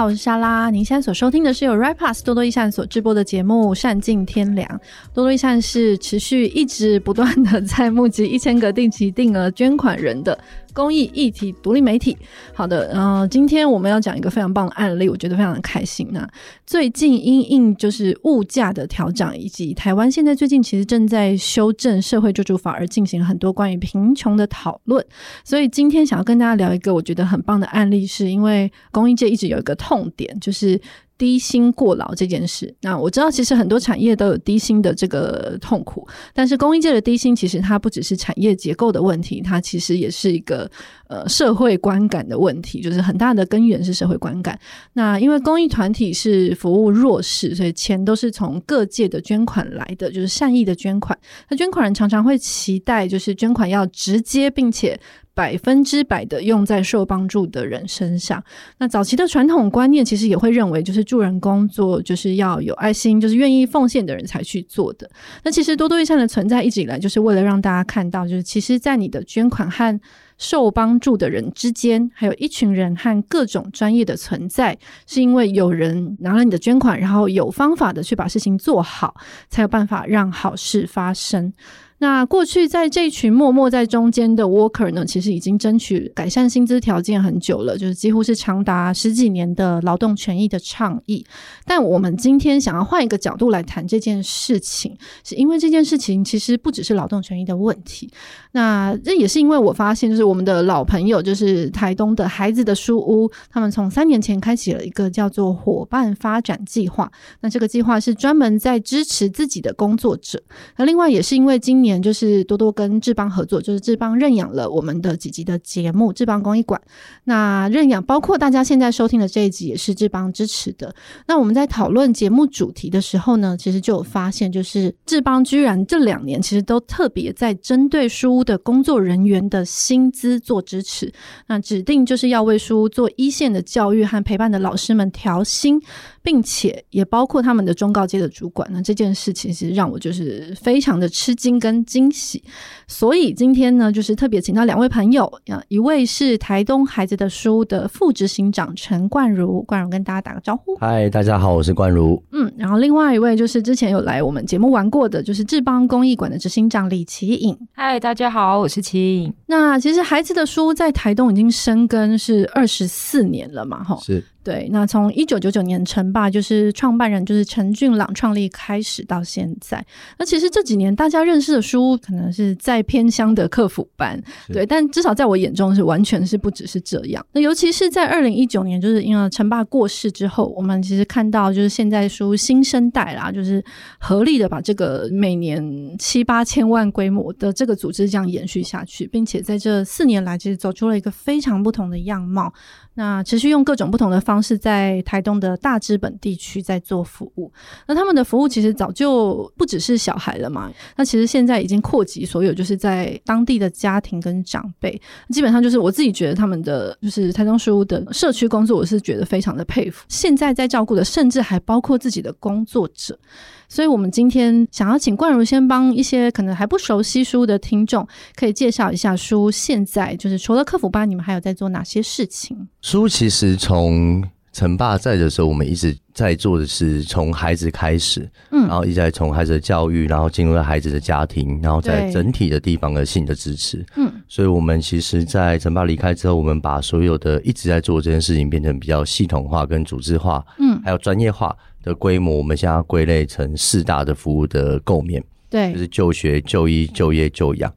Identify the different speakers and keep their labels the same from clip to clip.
Speaker 1: 好，我是莎拉，您現在所收聽的是由 Right Plus 多多益善所製播的節目《善盡天良》。多多益善是持續一直不斷的在募集一千個定期定額捐款人的。公益議題獨立媒體，好的，嗯、呃，今天我們要講一個非常棒的案例，我覺得非常的開心、啊。那最近因應就是物價的調漲，以及台灣現在最近其實正在修正社會救助法，而進行了很多關於貧窮的討論，所以今天想要跟大家聊一個我覺得很棒的案例，是因為公益界一直有一個痛點，就是。低薪過勞這件事，那我知道，其實很多產業都有低薪的這個痛苦。但是，公益界的低薪其實它不只是產業結構的問題，它其實也是一個呃社會觀感的問題，就是很大的根源是社會觀感。那因為公益團體是服務弱勢，所以錢都是從各界的捐款來的，就是善意的捐款。那捐款人常常會期待，就是捐款要直接，並且。百分之百的用在受幫助的人身上。那早期的傳統觀念其實也會認為，就是助人工作就是要有愛心，就是願意奉獻的人才去做的。那其實多多益善的存在一直以來就是為了讓大家看到，就是其實在你的捐款和受幫助的人之間，還有一群人和各種專業的存在，是因為有人拿了你的捐款，然後有方法的去把事情做好，才有辦法讓好事發生。那過去在這群默默在中間的 worker 呢，其實已經爭取改善薪資條件很久了，就是幾乎是長達十幾年的勞動權益的倡議。但我們今天想要換一個角度來談這件事情，是因為這件事情其實不只是勞動權益的問題。那這也是因為我發現，就是我們的老朋友，就是台東的孩子的書屋，他們從三年前開啟了一個叫做夥伴發展計劃。那這個計劃是專門在支持自己的工作者。那另外也是因為今年。就是多多跟智邦合作，就是智邦認養了我們的幾集的節目，智邦公益館。那認養包括大家現在收聽的這一集也是智邦支持的。那我們在討論節目主題的時候呢，其實就有發現，就是智邦居然這兩年其實都特別在針對書屋的工作人員的薪資做支持，那指定就是要為書屋做一線的教育和陪伴的老師們調薪，並且也包括他們的中高階的主管。那這件事情其實讓我就是非常的吃驚跟驚喜，所以今天呢，就是特別請到兩位朋友，啊，一位是台東孩子的書屋的副執行長陳冠儒，冠儒跟大家打個招呼。
Speaker 2: 嗨，大家好，我是冠儒。
Speaker 1: 嗯，然後另外一位就是之前有來我們節目玩過的，就是智邦公益館的執行長李奇穎。嗨，大家好，我是奇穎。那其實孩子的書屋在台東已經生根是二十四年了嘛，哈。是。對，那從一九九九年陳爸就是創辦人就是陳俊朗創立開始到現在，那其實這幾年大家認識的書，可能是在偏鄉的課輔班，對，但至少在我眼中是完全是不只是這樣。那尤其是在二零一九年，就是因為陳爸過世之後，我們其實看到就是現在書新生代啦，就是合力的把這個每年七八千萬規模的這個組織這樣延續下去，並且在這四年來其實走出了一個非常不同的樣貌。那其實用各種不同的方，方是在台東的大知本地區在做服務，那他們的服務其實早就不只是小孩了嘛。那其實現在已經擴及所有，就是在當地的家庭跟長輩，基本上就是我自己覺得他們的就是台東書屋的社區工作，我是覺得非常的佩服。現在在照顧的，甚至還包括自己的工作者。所以，我們今天想要請冠儒先幫一些可能還不熟悉書屋的聽眾，可以介紹一下書屋現在就是除了課輔班，你們還有在做哪些事情？
Speaker 2: 書其實從陳爸在的時候，我們一直在做的是從孩子開始，嗯，然後一直在從孩子的教育，然後進入到孩子的家庭，然後在整體的地方的性的支持，嗯，所以我們其實，在陳爸離開之後，我們把所有的一直在做這件事情變成比較系統化、跟組織化，嗯，還有專業化的規模，我們現在歸類成四大的服務的構面，對，就是就學、就醫、就業、就養。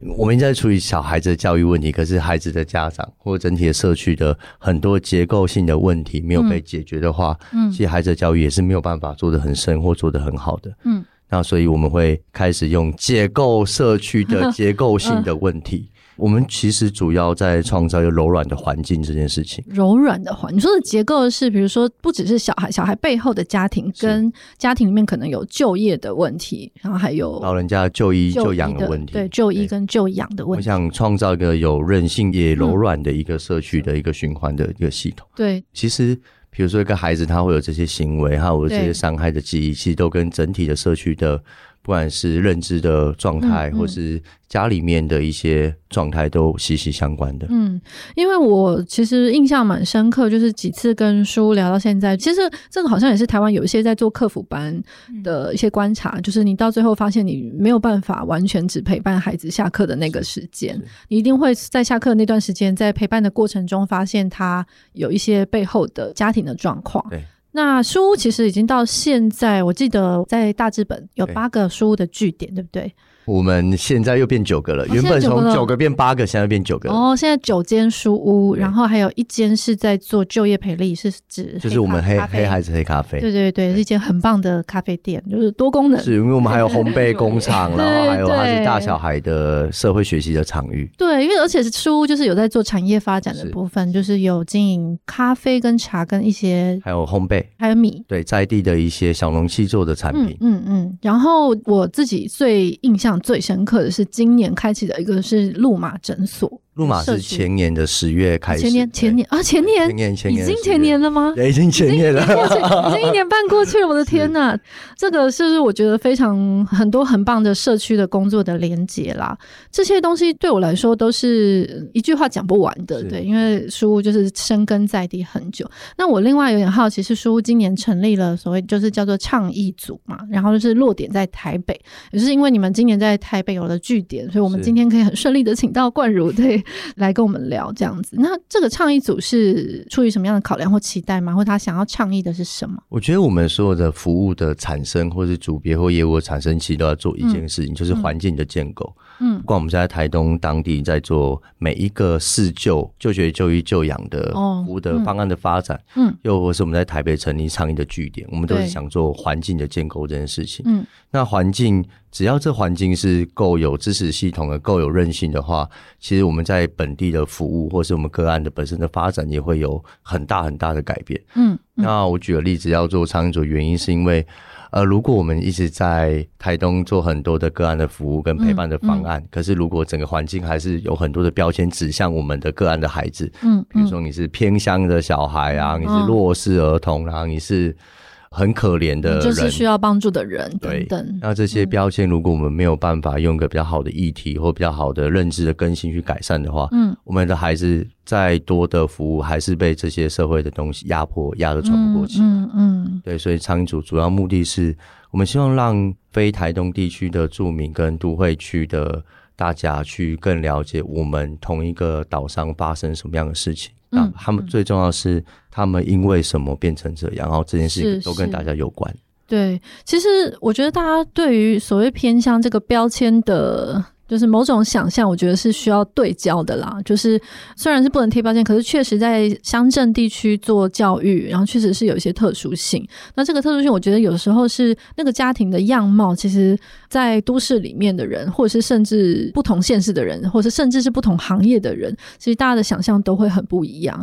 Speaker 2: 我們應該處理小孩子的教育問題，可是孩子的家長或整體的社區的很多結構性的問題沒有被解決的話，嗯，嗯，其實孩子的教育也是沒有辦法做得很深或做得很好的，嗯，那所以我們會開始用結構社區的結構性的問題。嗯嗯 我們其實主要在創造一個柔軟的環境這件事情。
Speaker 1: 柔軟的環，你說的結構是？比如說不只是小孩，小孩背後的家庭，跟家庭裡面可能有就業的問題，然後還
Speaker 2: 有老人家就醫、就養的問題的，
Speaker 1: 對，就醫跟就養的問題。我
Speaker 2: 想創造一個有韌性也柔軟的一個社區的一個循環的一個系統。對，嗯，其實比如說一個孩子他會有這些行為，還有這些傷害的記憶，其實都跟整體的社區的。不管是認知的狀態、嗯嗯，或是家裡面的一些狀態，都息息相關的。嗯，
Speaker 1: 因為我其實印象蠻深刻，就是幾次跟書聊到現在，其實這個好像也是台灣有一些在做課輔班的一些觀察、嗯，就是你到最後發現你沒有辦法完全只陪伴孩子下課的那個時間，你一定會在下課的那段時間，在陪伴的過程中，發現他有一些背後的家庭的狀況。對。那書屋其實已經到現在，我記得在大知本有八個書屋的據點，對，對不對？
Speaker 2: 我們現在又變九個了，哦、原本從九個變八個，現在 ,9 了，現在變九個了。
Speaker 1: 哦，現在九間書屋，然後還有一間是在做就業培力，是指就
Speaker 2: 是我們黑黑孩子黑咖啡，對
Speaker 1: 對對，對是一間很棒的咖啡店，就是多功能。對對對對，
Speaker 2: 是因為我們還有烘焙工廠，對對對對然後還有它是大小孩的社會學習的場域。
Speaker 1: 對，因為而且書屋就是有在做產業發展的部分，是就是有經營咖啡跟茶跟一些
Speaker 2: 還有烘焙，還有米，對在地的一些小農契作的產
Speaker 1: 品。嗯嗯，嗯，然後我自己最印象。最深刻的是，今年開啟的一個是路馬診所。是前
Speaker 2: 年的十月開始，前年
Speaker 1: 前年啊，前年，前年，前，年，前，年前年，已經前年了嗎？對，已
Speaker 2: 經前年了，已年了， 已經一年
Speaker 1: 半過去了。我的天哪，這個是不是我覺得非常很多很棒的社區的工作的連接啦？這些東西對我來說都是一句話講不完的。對，因為書屋就是深耕在地很久。那我另外有點好奇是，書屋今年成立了所謂就是叫做倡議組嘛，然後就是落點在台北，也是因為你們今年在台北有了據點，所以我們今天可以很順利的請到冠儒對。 來跟我們聊這樣子，那這個倡議組是出於什麼樣的考量，或期待嗎？或他想要倡議的是什麼？
Speaker 2: 我覺得我們所有的服務的產生，或是組別或業務的產生，其實都要做一件事情，嗯、就是環境的建構。嗯嗯，不管我們在台東當地在做每一個四就、就學、就醫就、就養的服務的方案的發展嗯，嗯，又或是我們在台北成立倡議的據點、嗯，我們都是想做環境的建構這件事情。嗯，那環境只要這環境是夠有支持系統的、夠有韌性的話，其實我們在本地的服務，或是我們個案的本身的發展，也會有很大很大的改變嗯。嗯，那我舉個例子，要做倡議的原因是因為。呃，如果我們一直在台東做很多的個案的服務跟陪伴的方案，嗯嗯、可是如果整個環境還是有很多的標籤指向我們的個案的孩子，嗯，嗯比如說你是偏鄉的小孩啊，嗯、你是弱勢兒童，啊，然、嗯、後你是。很可憐的人，就是需
Speaker 1: 要幫助的人等等。對，
Speaker 2: 那這些標籤，如果我們沒有辦法用個比較好的議題、嗯、或比較好的認知的更新去改善的話，嗯，我們的孩子再多的服務還是被這些社會的東西壓迫，壓得喘不過氣。嗯嗯，嗯，對，所以倡議組主要目的是，我們希望讓非台東地區的住民跟都會區的。大家去更了解我們同一個島上發生什麼樣的事情。那、嗯、他們最重要是他們因為什麼變成這樣，然後這件事情都跟大家有關。是是，
Speaker 1: 對，其實我覺得大家對於所謂偏鄉這個標籤的。就是某種想象，我覺得是需要對焦的啦。就是雖然是不能貼標籤，可是確實在鄉鎮地區做教育，然後確實是有一些特殊性。那這個特殊性，我覺得有時候是那個家庭的樣貌，其實在都市裡面的人，或者是甚至不同縣市的人，或者是甚至是不同行業的人，其實大家的想象都會很不一樣。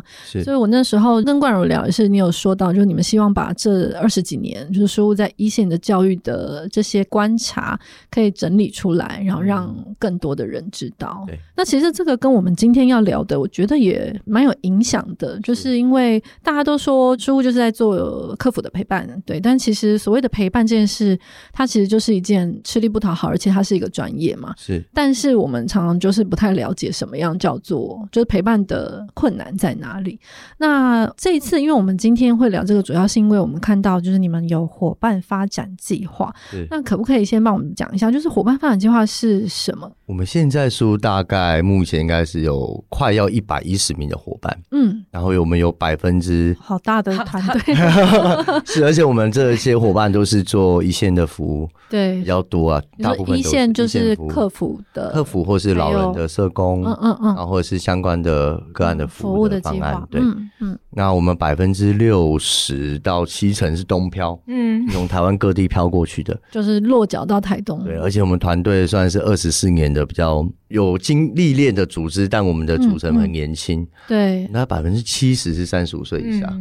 Speaker 1: 所以，我那時候跟冠儒聊也是，你有說到，就是你們希望把這二十幾年，就是服務在一線的教育的這些觀察，可以整理出來，然後讓更多的人知道對。那其實這個跟我們今天要聊的，我覺得也蠻有影響的，就是因為大家都說書屋，就是在做客服的陪伴，對，但其實所謂的陪伴這件事，它其實就是一件吃力不討好，而且它是一個專業嘛，是。但是我們常常就是不太了解什麼樣叫做就是陪伴的困難在哪裡。那這一次，因為我們今天會聊這個，主要是因為我們看到就是你們有夥伴發展計劃，那可不可以先幫我們講一下，就是夥伴發展計劃是什麼？
Speaker 2: 我們現在說大概目前應該是有快要一百一十名的夥伴，嗯，然後我們有百分之
Speaker 1: 好大的團隊，
Speaker 2: 是，而且我們這些夥伴都是做一線的服務，對，比較多啊，大部分都是一線，一線就是客
Speaker 1: 服的，客
Speaker 2: 服或是老人的社工，嗯嗯嗯，然後是相關的個案的服務的方案，對，嗯。嗯那我們百分之六十到七成是東漂，嗯，從台灣各地漂過去的，
Speaker 1: 就是落腳到台東。對，而
Speaker 2: 且我們團隊算是二十四年的比較。有經歷練的組織，但我們的組成很年輕、嗯嗯，對，那百分之七十是三十五歲以下，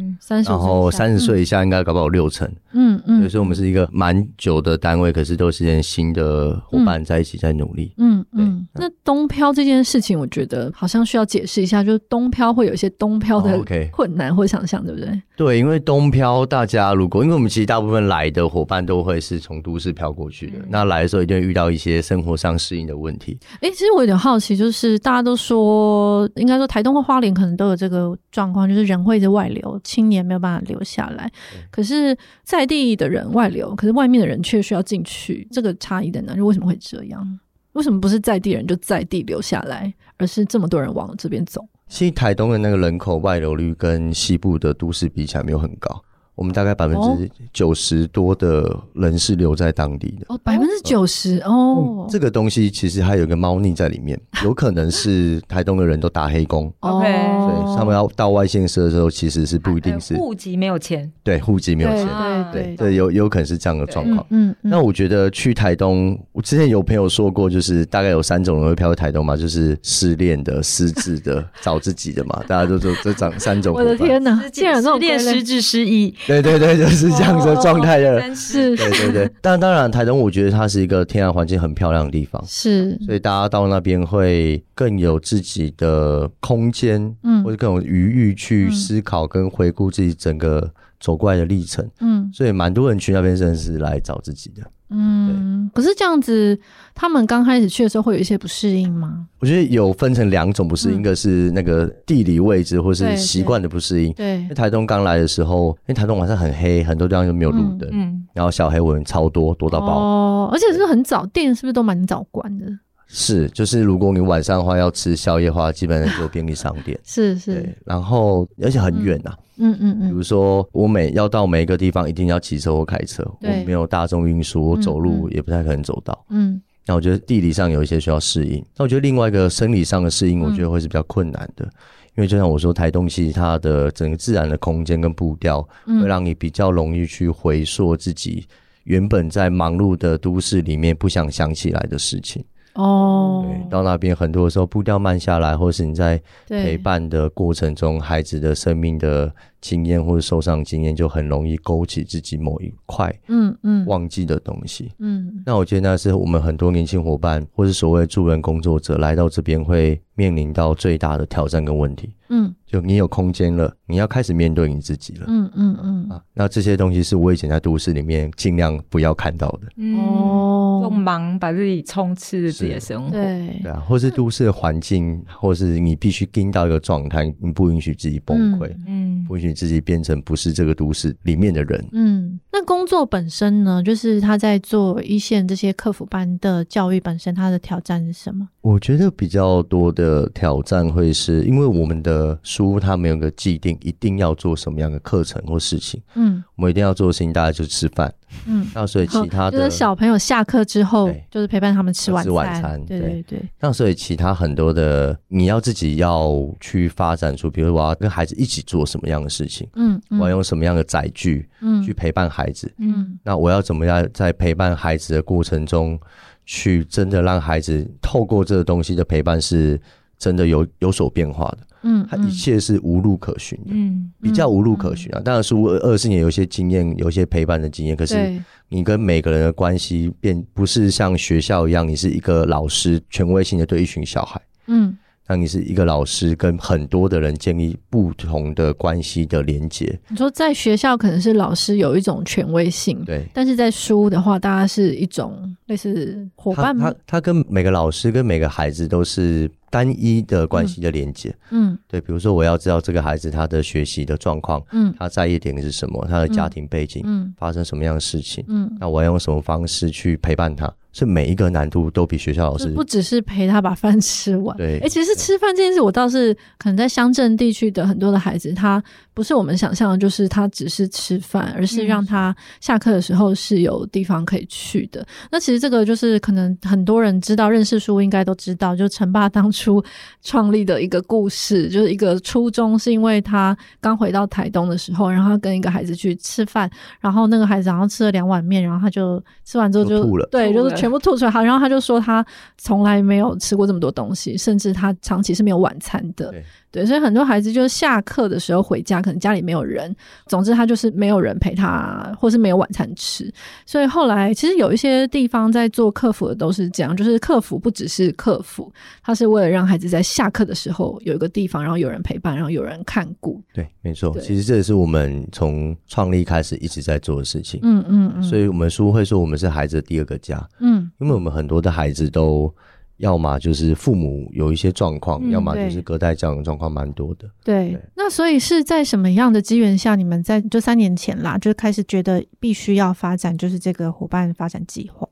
Speaker 3: 然後三十歲以下
Speaker 2: 應該搞不好六成，嗯嗯，所以我們是一個蠻久的單位，嗯、可是都是些新的夥伴在一起在努力，嗯，
Speaker 1: 嗯。嗯嗯，那東漂這件事情，我覺得好像需要解釋一下，就是東漂會有一些東漂的困難或想象，對不對？
Speaker 2: 對，因為東漂大家如果，因為我們其實大部分來的夥伴都會是從都市漂過去的，嗯，那來的時候一定會遇到一些生活上適應的問題。哎，
Speaker 1: 欸，其實。我有點好奇，就是大家都說，應該說台東或花蓮可能都有這個狀況，就是人會在外流，青年沒有辦法留下來。可是在地的人外流，可是外面的人卻需要進去，這個差異在哪裡？就為什麼會這樣？為什麼不是在地人就在地留下來，而是這麼多人往這邊
Speaker 2: 走？其實台東的那個人口外流率跟西部的都市比起來沒有很高。我們大概百分之九十多的人是留在當地的
Speaker 1: 哦，百分之九十
Speaker 4: 哦。這
Speaker 2: 個東西其實還有一個貓膩在裡面， 有可能是台東的人都打黑工，OK？所以他們要到外縣市的時候，其實是不一定是，okay,
Speaker 4: 戶籍沒有錢，
Speaker 2: 對，戶籍沒有錢，對對對，對對，有有可能是這樣的狀況。嗯，那我覺得去台東，我之前有朋友說過，就是大概有三種人會飄到台東嘛，就是失戀的、失智的、 找自己的嘛，大家都說這這三種。 我
Speaker 1: 的天哪！失戀、失智、失憶。
Speaker 2: 對對對，就是這樣的狀態的人，哦，對對對。 但當然，台東我覺得它是一個天然環境很漂亮的地方，是。所以大家到那邊會更有自己的空間，嗯，或者更有餘裕去思考跟回顧自己整個走過來的歷程，嗯。所以蠻多人去那邊，真的是來找自己的。
Speaker 1: 嗯，可是這樣子，他們剛開始去的時候會有一些不適應嗎？
Speaker 2: 我覺得有分成兩種不適應、嗯，一個是那個地理位置，或是習慣的不適應。對，對,對，對，台東剛來的時候，因為台東晚上很黑，很多地方又沒有路燈、嗯嗯。然後小黑蚊超多，多到爆。
Speaker 1: 哦，而且是很早，店是不是都蠻早關的？
Speaker 2: 是，就是如果你晚上的話要吃宵夜的話，基本上很多便利商店 是是，對，然後而且很遠吶、啊，嗯嗯嗯，
Speaker 1: 比如
Speaker 2: 說我每要到每一個地方，一定要騎車或開車，我沒有大眾運輸，我走路也不太可能走到，嗯，那我覺得地理上有一些需要適應、嗯，那我覺得另外一個生理上的適應，我覺得會是比較困難的，嗯、因為就像我說，台東其實，它的整個自然的空間跟步調，會讓你比較容易去回溯自己原本在忙碌的都市裡面不想想起來的事情。哦、oh.，到那邊很多的時候，步調慢下來，或是你在陪伴的過程中，孩子的生命的經驗或者受傷經驗就很容易勾起自己某一塊，
Speaker 3: 嗯、嗯
Speaker 2: 忘記的東西，嗯，那我覺得那是我們很多年輕夥伴、嗯、或是所謂助人工作者來到這邊會面臨到最大的挑戰跟問題嗯，就你有空間了，你要開始面對你自己
Speaker 3: 了
Speaker 2: 嗯、嗯嗯、啊、那這些東西是我以前在都市裡面盡量不要看到的，
Speaker 4: 嗯、哦，用忙把自己充斥自己的生活對、嗯、對啊，
Speaker 2: 或是都市的環境，或是你必須盯到一個狀態，你不允許自己崩潰嗯，嗯，不允許。你自己變成不是這個都市裡面的人。
Speaker 1: 嗯，那工作本身呢，就是他在做一線這些課輔班的教育本身，他的挑戰是什麼？
Speaker 2: 我覺得比較多的挑戰會是因為我們的書屋它沒有個既定，一定要做什麼樣的課程或事情。嗯，我們一定要做的事情大概，大家就吃飯。嗯，那所以其他的，就是，小
Speaker 1: 朋友下課之後，就是陪伴他們吃晚餐，吃晚餐，對對對，對。
Speaker 2: 那所以其他很多的，你要自己要去發展出，比如說，我要跟孩子一起做什麼樣的事情，嗯，我要用什麼樣的載具，
Speaker 3: 嗯，去陪伴孩子，嗯，
Speaker 2: 那我要怎麼樣在陪伴孩子的過程中，去真的讓孩子透過這個東西的陪伴是。真的有有所變化的
Speaker 3: 嗯，嗯，他一
Speaker 2: 切是無路可循的，嗯，比較無路可循啊、嗯。當然，是二十四年有一些經驗、嗯，有一些陪伴的經驗，可是你跟每個人的關係變不是像學校一樣，你是一個老師，權威性的對一群小孩，
Speaker 3: 嗯。
Speaker 2: 當你是一個老師，跟很多的人建立不同的關係的連接。
Speaker 1: 你說在學校可能是老師有一種權威性，對；但是在書的話，大家是一種類似夥
Speaker 2: 伴嗎？他他，他跟每個老師跟每個孩子都是單一的關係的連接。嗯，嗯，對。比如說，我要知道這個孩子他的學習的狀況，嗯，他在意點是什麼？他的家庭背景，嗯，發生什麼樣的事情。嗯，嗯，那我要用什麼方式去陪伴他？是每一個難度都比學校老師不只
Speaker 1: 是陪他把飯吃完，對。哎、欸，其實吃飯這件事，我倒是可能在鄉鎮地區的很多的孩子，他不是我們想象的，就是他只是吃飯，而是讓他下課的時候是有地方可以去的，嗯。那其實這個就是可能很多人知道，認識書應該都知道，就陳爸當初創立的一個故事，就是一個初衷，是因為他剛回到台東的時候，然後跟一個孩子去吃飯，然後那個孩子然後吃了兩碗麵，然後他就吃完之後就，就吐了，對，就是全。全部吐出來，然後他就說他從來沒有吃過這麼多東西，甚至他長期是沒有晚餐的。對，所以很多孩子就是下課的時候回家，可能家裡沒有人。總之，他就是沒有人陪他，或是沒有晚餐吃。所以後來，其實有一些地方在做課輔的都是這樣，就是課輔不只是課輔，他是為了讓孩子在下課的時候有一個地方，然後有人陪伴，然後有人看顧。
Speaker 2: 對，沒錯，其實這也是我們從創立開始一直在做的事情。嗯嗯嗯。所以我們書屋會說，我們是孩子的第二個家。嗯，因為我們很多的孩子都。要麼就是父母有一些狀況，嗯，要麼就是隔代這樣的狀況蠻多的。對。對，
Speaker 1: 那所以是在什麼樣的機緣下，你們在就三年前啦，就開始覺得必須要發展就是這個伙伴發展計劃？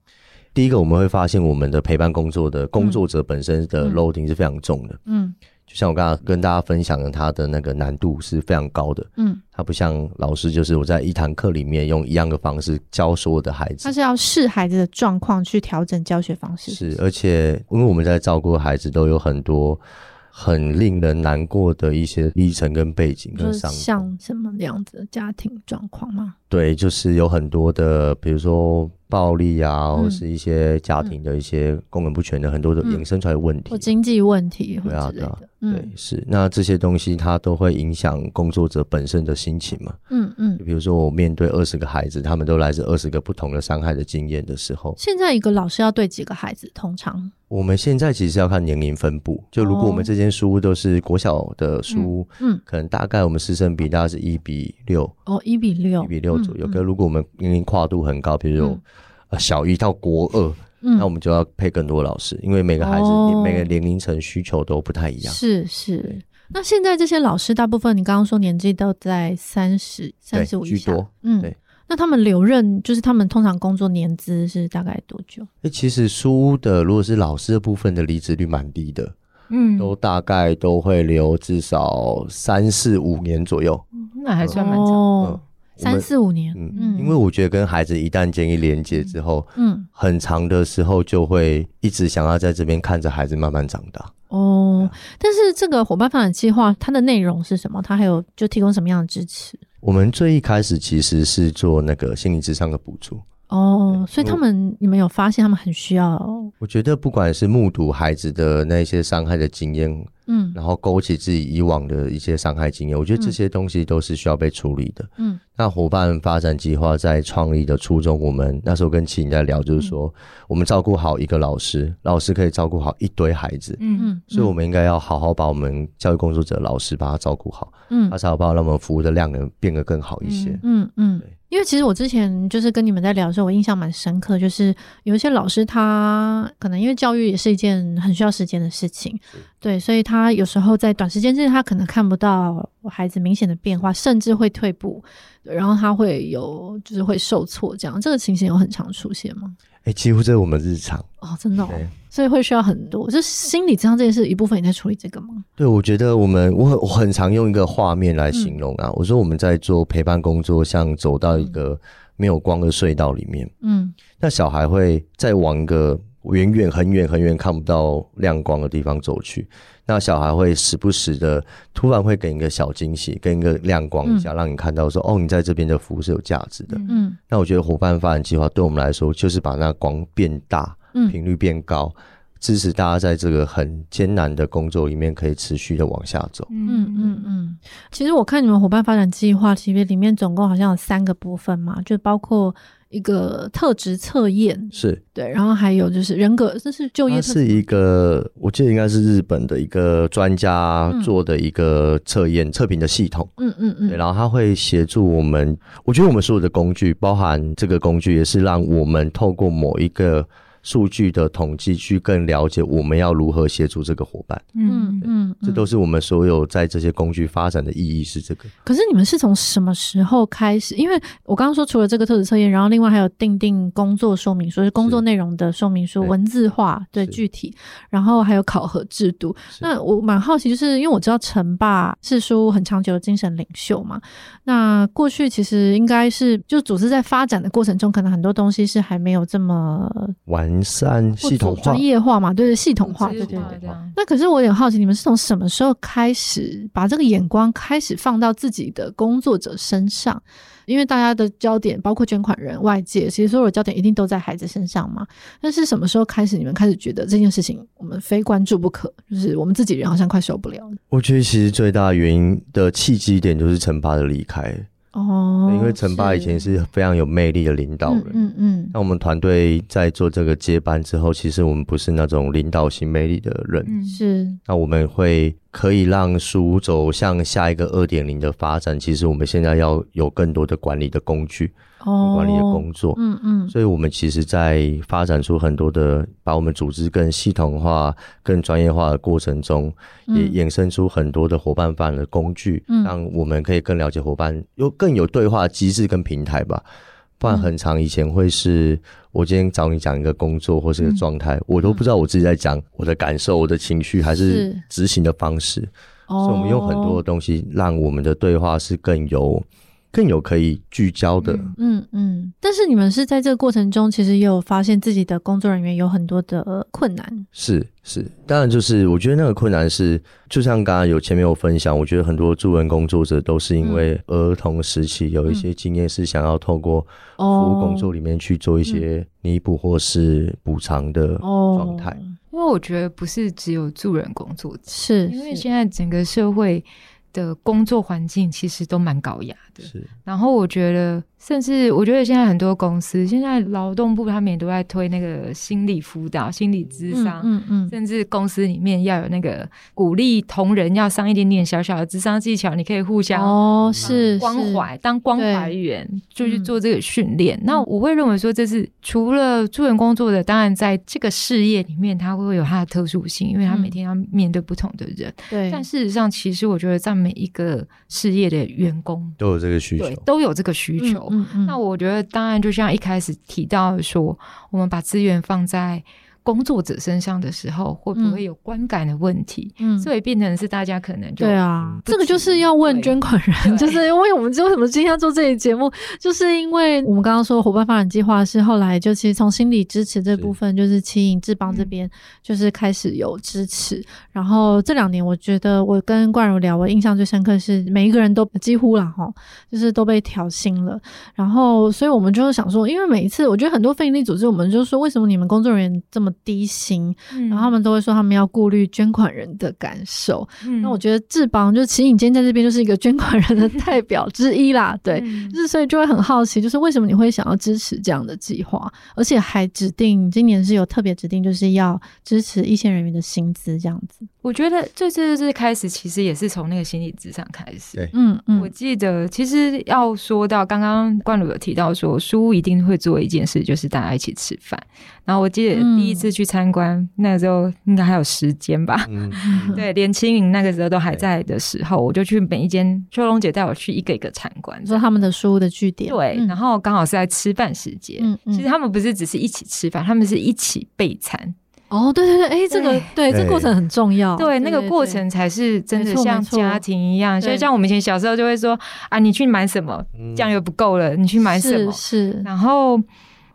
Speaker 2: 第一個，我們會發現我們的陪伴工作的工作者本身的 loading 是非常重的。嗯。嗯就像我剛剛跟大家分享的，他的那個難度是非常高的。嗯，他不像老師，就是我在一堂課裡面用一樣的方式教所有的孩子。他是
Speaker 1: 要視孩子的狀況去調整教學方式。是是。是，而
Speaker 2: 且因為我們在照顧孩子，都有很多很令人難過的一些歷程跟背景跟傷，跟、就
Speaker 1: 是像什麼樣子的家庭狀況嗎？
Speaker 2: 對，就是有很多的，比如說。暴力啊、嗯，或是一些家庭的一些功能不全的很多的衍生出來的問題，嗯、
Speaker 1: 或經濟問題之類的，對啊對啊、嗯、對，
Speaker 2: 是那這些東西它都會影響工作者本身的心情嘛。
Speaker 1: 嗯嗯。就比
Speaker 2: 如說我面對二十個孩子，他們都來自二十個不同的傷害的經驗的時候，現
Speaker 1: 在一個老師要對幾個孩子？通常
Speaker 2: 我們現在其實要看年齡分布。就如果我們這間書都是國小的書，嗯，嗯可能大概我們師生比大概是一比六
Speaker 1: 哦，一比六，一比六左右。嗯嗯、可是
Speaker 2: 如果我們年齡跨度很高，比如說、嗯。啊，小一到國二、嗯，那我們就要配更多的老師、嗯，因為每個孩子、哦、每個年齡層需求都不太一樣。是
Speaker 1: 是，那現在這些老師大部分，你剛剛說年紀都在三十三十五歲居多，嗯，對。那他們留任，就是他們通常工作年資是大概多久？
Speaker 2: 其實書屋的如果是老師的部分的離職率蠻低的，嗯，都大概都會留至少三四五年左右，
Speaker 4: 嗯、那還算蠻長的。嗯哦三四五年，
Speaker 2: 嗯嗯，因為我覺得跟孩子一旦建立連接之後嗯，嗯，很長的時候就會一直想要在這邊看着孩子慢慢長大。
Speaker 1: 哦，啊、但是這個夥伴發展計劃它的內容是什麼？它還有就提供什麼樣的支持？
Speaker 2: 我們最一開始其實是做那個心理諮商的補助。
Speaker 1: 哦，所以他們你們有發現他們很需要、
Speaker 2: 哦？我覺得不管是目睹孩子的那些傷害的經驗。嗯，然後勾起自己以往的一些傷害經驗，我覺得這些東西都是需要被處理的。嗯，那夥伴發展計劃在創立的初衷，我們那時候跟企業家聊，就是說，嗯，我們照顧好一個老師，老師可以照顧好一堆孩子。嗯，嗯，所以我們應該要好好把我們教育工作者、老師把他照顧好，嗯，他才有辦法讓我們服務的量能變得更好一些。嗯
Speaker 3: 嗯。嗯，對。
Speaker 1: 因為其實我之前就是跟你們在聊的時候，我印象蠻深刻，就是有一些老師他可能因為教育也是一件很需要時間的事情，對，所以他有時候在短時間之內他可能看不到孩子明顯的變化，甚至會退步，然後他會有就是會受挫這樣，這個情形有很常出現嗎？
Speaker 2: 誒、欸，幾乎這是我們日常
Speaker 1: 哦，真的，哦。欸所以會需要很多，就是心理上這件事，一部分你在處理這個嗎？
Speaker 2: 對，我覺得我們我很我很常用一個畫面來形容啊、嗯，我說我們在做陪伴工作，像走到一個沒有光的隧道裡面，嗯，那小孩會再往一個遠遠很遠很遠看不到亮光的地方走去，那小孩會時不時的突然會給一個小驚喜，跟一個亮光一下，嗯、讓你看到說哦，你在這邊的服務是有價值的，嗯，那我覺得夥伴發展計劃對我們來說，就是把那光變大。嗯，頻率變高，支持大家在這個很艱難的工作裡面可以持續的往下走。嗯
Speaker 1: 嗯嗯。其實我看你們夥伴發展計劃其實裡面總共好像有三個部分嘛，就包括一個特質測驗，是對，然後還有就是人格，這、嗯、是就業。是一
Speaker 2: 個，我記得應該是日本的一個專家做的一個測驗測評的系統。嗯嗯嗯。對，然後他會協助我們，我覺得我們所有的工具，包含這個工具，也是讓我們透過某一個。數據的統計去更了解我們要如何協助這個夥伴，嗯嗯，嗯，這這、這個嗯，嗯，這都是我們所有在這些工具發展的意義是這個。
Speaker 1: 可是你們是從什麼時候開始？因為我剛剛說，除了這個特質測驗，然後另外還有訂定工作說明書、是就是、工作內容的說明書、文字化對，具體，然後還有考核制度。那我蠻好奇，就是因為我知道陳爸是說很長久的精神領袖嘛，那過去其實應該是就組織在發展的過程中，可能很多東西是還沒有這麼
Speaker 2: 完。三系統化、專業
Speaker 1: 化嘛，對，系統化，嗯嗯、對，對，對，對，對，對，對對對。那可是我很好奇，你們是從什麼時候開始把這個眼光開始放到自己的工作者身上？因為大家的焦點，包括捐款人、外界，其實所有的焦點一定都在孩子身上嘛。但是什麼時候開始，你們開始覺得這件事情我們非關注不可？就是我們自己人好像快受不了，
Speaker 2: 了。我覺得其實最大的原因的契機點就是陳爸的離開。哦，因為陳爸以前是非常有魅力的領導人。
Speaker 3: 嗯嗯，嗯，
Speaker 2: 那我們團隊在做這個接班之後，其實我們不是那種領導型魅力的人，嗯。
Speaker 3: 是，
Speaker 2: 那我們會可以讓書走向下一個二點零的發展。其實我們現在要有更多的管理的工具。
Speaker 3: 管理的工作，哦、嗯嗯，所
Speaker 2: 以，我們其實，在發展出很多的，把我們組織更系統化、更專業化的過程中，
Speaker 3: 嗯，也衍
Speaker 2: 生出很多的夥伴發展的工具，嗯，讓我們可以更了解夥伴，又更有對話機制跟平台吧。不然，很常以前會是我今天找你講一個工作或是一個狀態，嗯，我都不知道我自己在講我的感受，嗯，我的情緒，還是執行的方式。所以，我們用很多的東西，讓我們的對話是更有。更有可以聚焦的。嗯
Speaker 1: 嗯，嗯。但是你們是在這個過程中，其實也有發現自己的工作人員有很多的困難。
Speaker 2: 是是，當然就是我覺得那個困難是，就像剛剛有前面有分享，我覺得很多助人工作者都是因為兒童時期有一些經驗，是想要透過服務工作裡面去做一些彌補或是補償的
Speaker 4: 狀態。嗯嗯嗯嗯嗯哦。因為我覺得不是只有助人工作，是，是因為現在整個社會。的工作環境其實都蠻高雅的，是，然後我覺得。甚至我覺得現在很多公司，現在勞動部他們也都在推那個心理輔導、心理諮商，嗯嗯嗯，甚至公司裡面要有那個鼓勵同仁要上一點點小小的諮商技巧，你可以互相哦是關懷，當關懷員就去做這個訓練。那、嗯、我會認為說，這是除了助人工作的，當然在這個事業裡面，他會有他的特殊性，因為他每天要面對不同的人，嗯、對。但事實上，其實我覺得在每一個事業的員工
Speaker 2: 都有這個需求，都有這個需求。
Speaker 4: 對，都有這個需求嗯。 那我覺得，當然就像一開始提到的說，我們把資源放在工作者身上的時候會不會有觀感的問題？嗯，所以變成是大家可能就、嗯嗯、
Speaker 1: 對啊，這個就是要問捐款人，就是哎、就，就是因為我們為什麼今天做這一節目，就是因為我們剛剛說夥伴發展計劃是後來就其實從心理支持這部分，是就是啟影智邦這邊就是開始有支持。嗯、然後這兩年，我覺得我跟冠儒聊，我印象最深刻是每一個人都幾乎啦齁，就是都被調薪了。然後，所以我們就想說，因為每一次，我覺得很多非營利組織，我們就說為什麼你們工作人員這麼。低薪，然後他們都會說他們要顧慮捐款人的感受。嗯、那我覺得智邦就是，其實你今天在這邊就是一個捐款人的代表之一啦。對，嗯、就是所以就會很好奇，就是為什麼你會想要支持這樣的計劃，而且還指定今年是有特別指定，就是要支持一線人員的薪資這樣子。
Speaker 4: 我覺得這次是開始，其實也是從那個心理諮商開始。嗯嗯。我記得其實要說到剛剛冠儒有提到說，書一定會做一件事，就是大家一起吃飯。然後我記得第一次、嗯。是去參觀，那個、時候應該還有時間吧？嗯嗯、 對，連青雲那個時候都還在的時候，我就去每一間。秋龍姐帶我去一個一個參觀，就是、說他們的書的據點。對，嗯、然後剛好是在吃飯時間、嗯。其實他們不是只是一起吃飯、嗯，他們是一起備餐。哦，對對對，哎、欸，這個對，對，對，這過程很重要對對對對對。對，那個過程才是真的像家庭一樣。所以，像我們以前小時候就會說：“啊，你去買什麼？醬、嗯、油不夠了，你去買什麼？”是。是然後。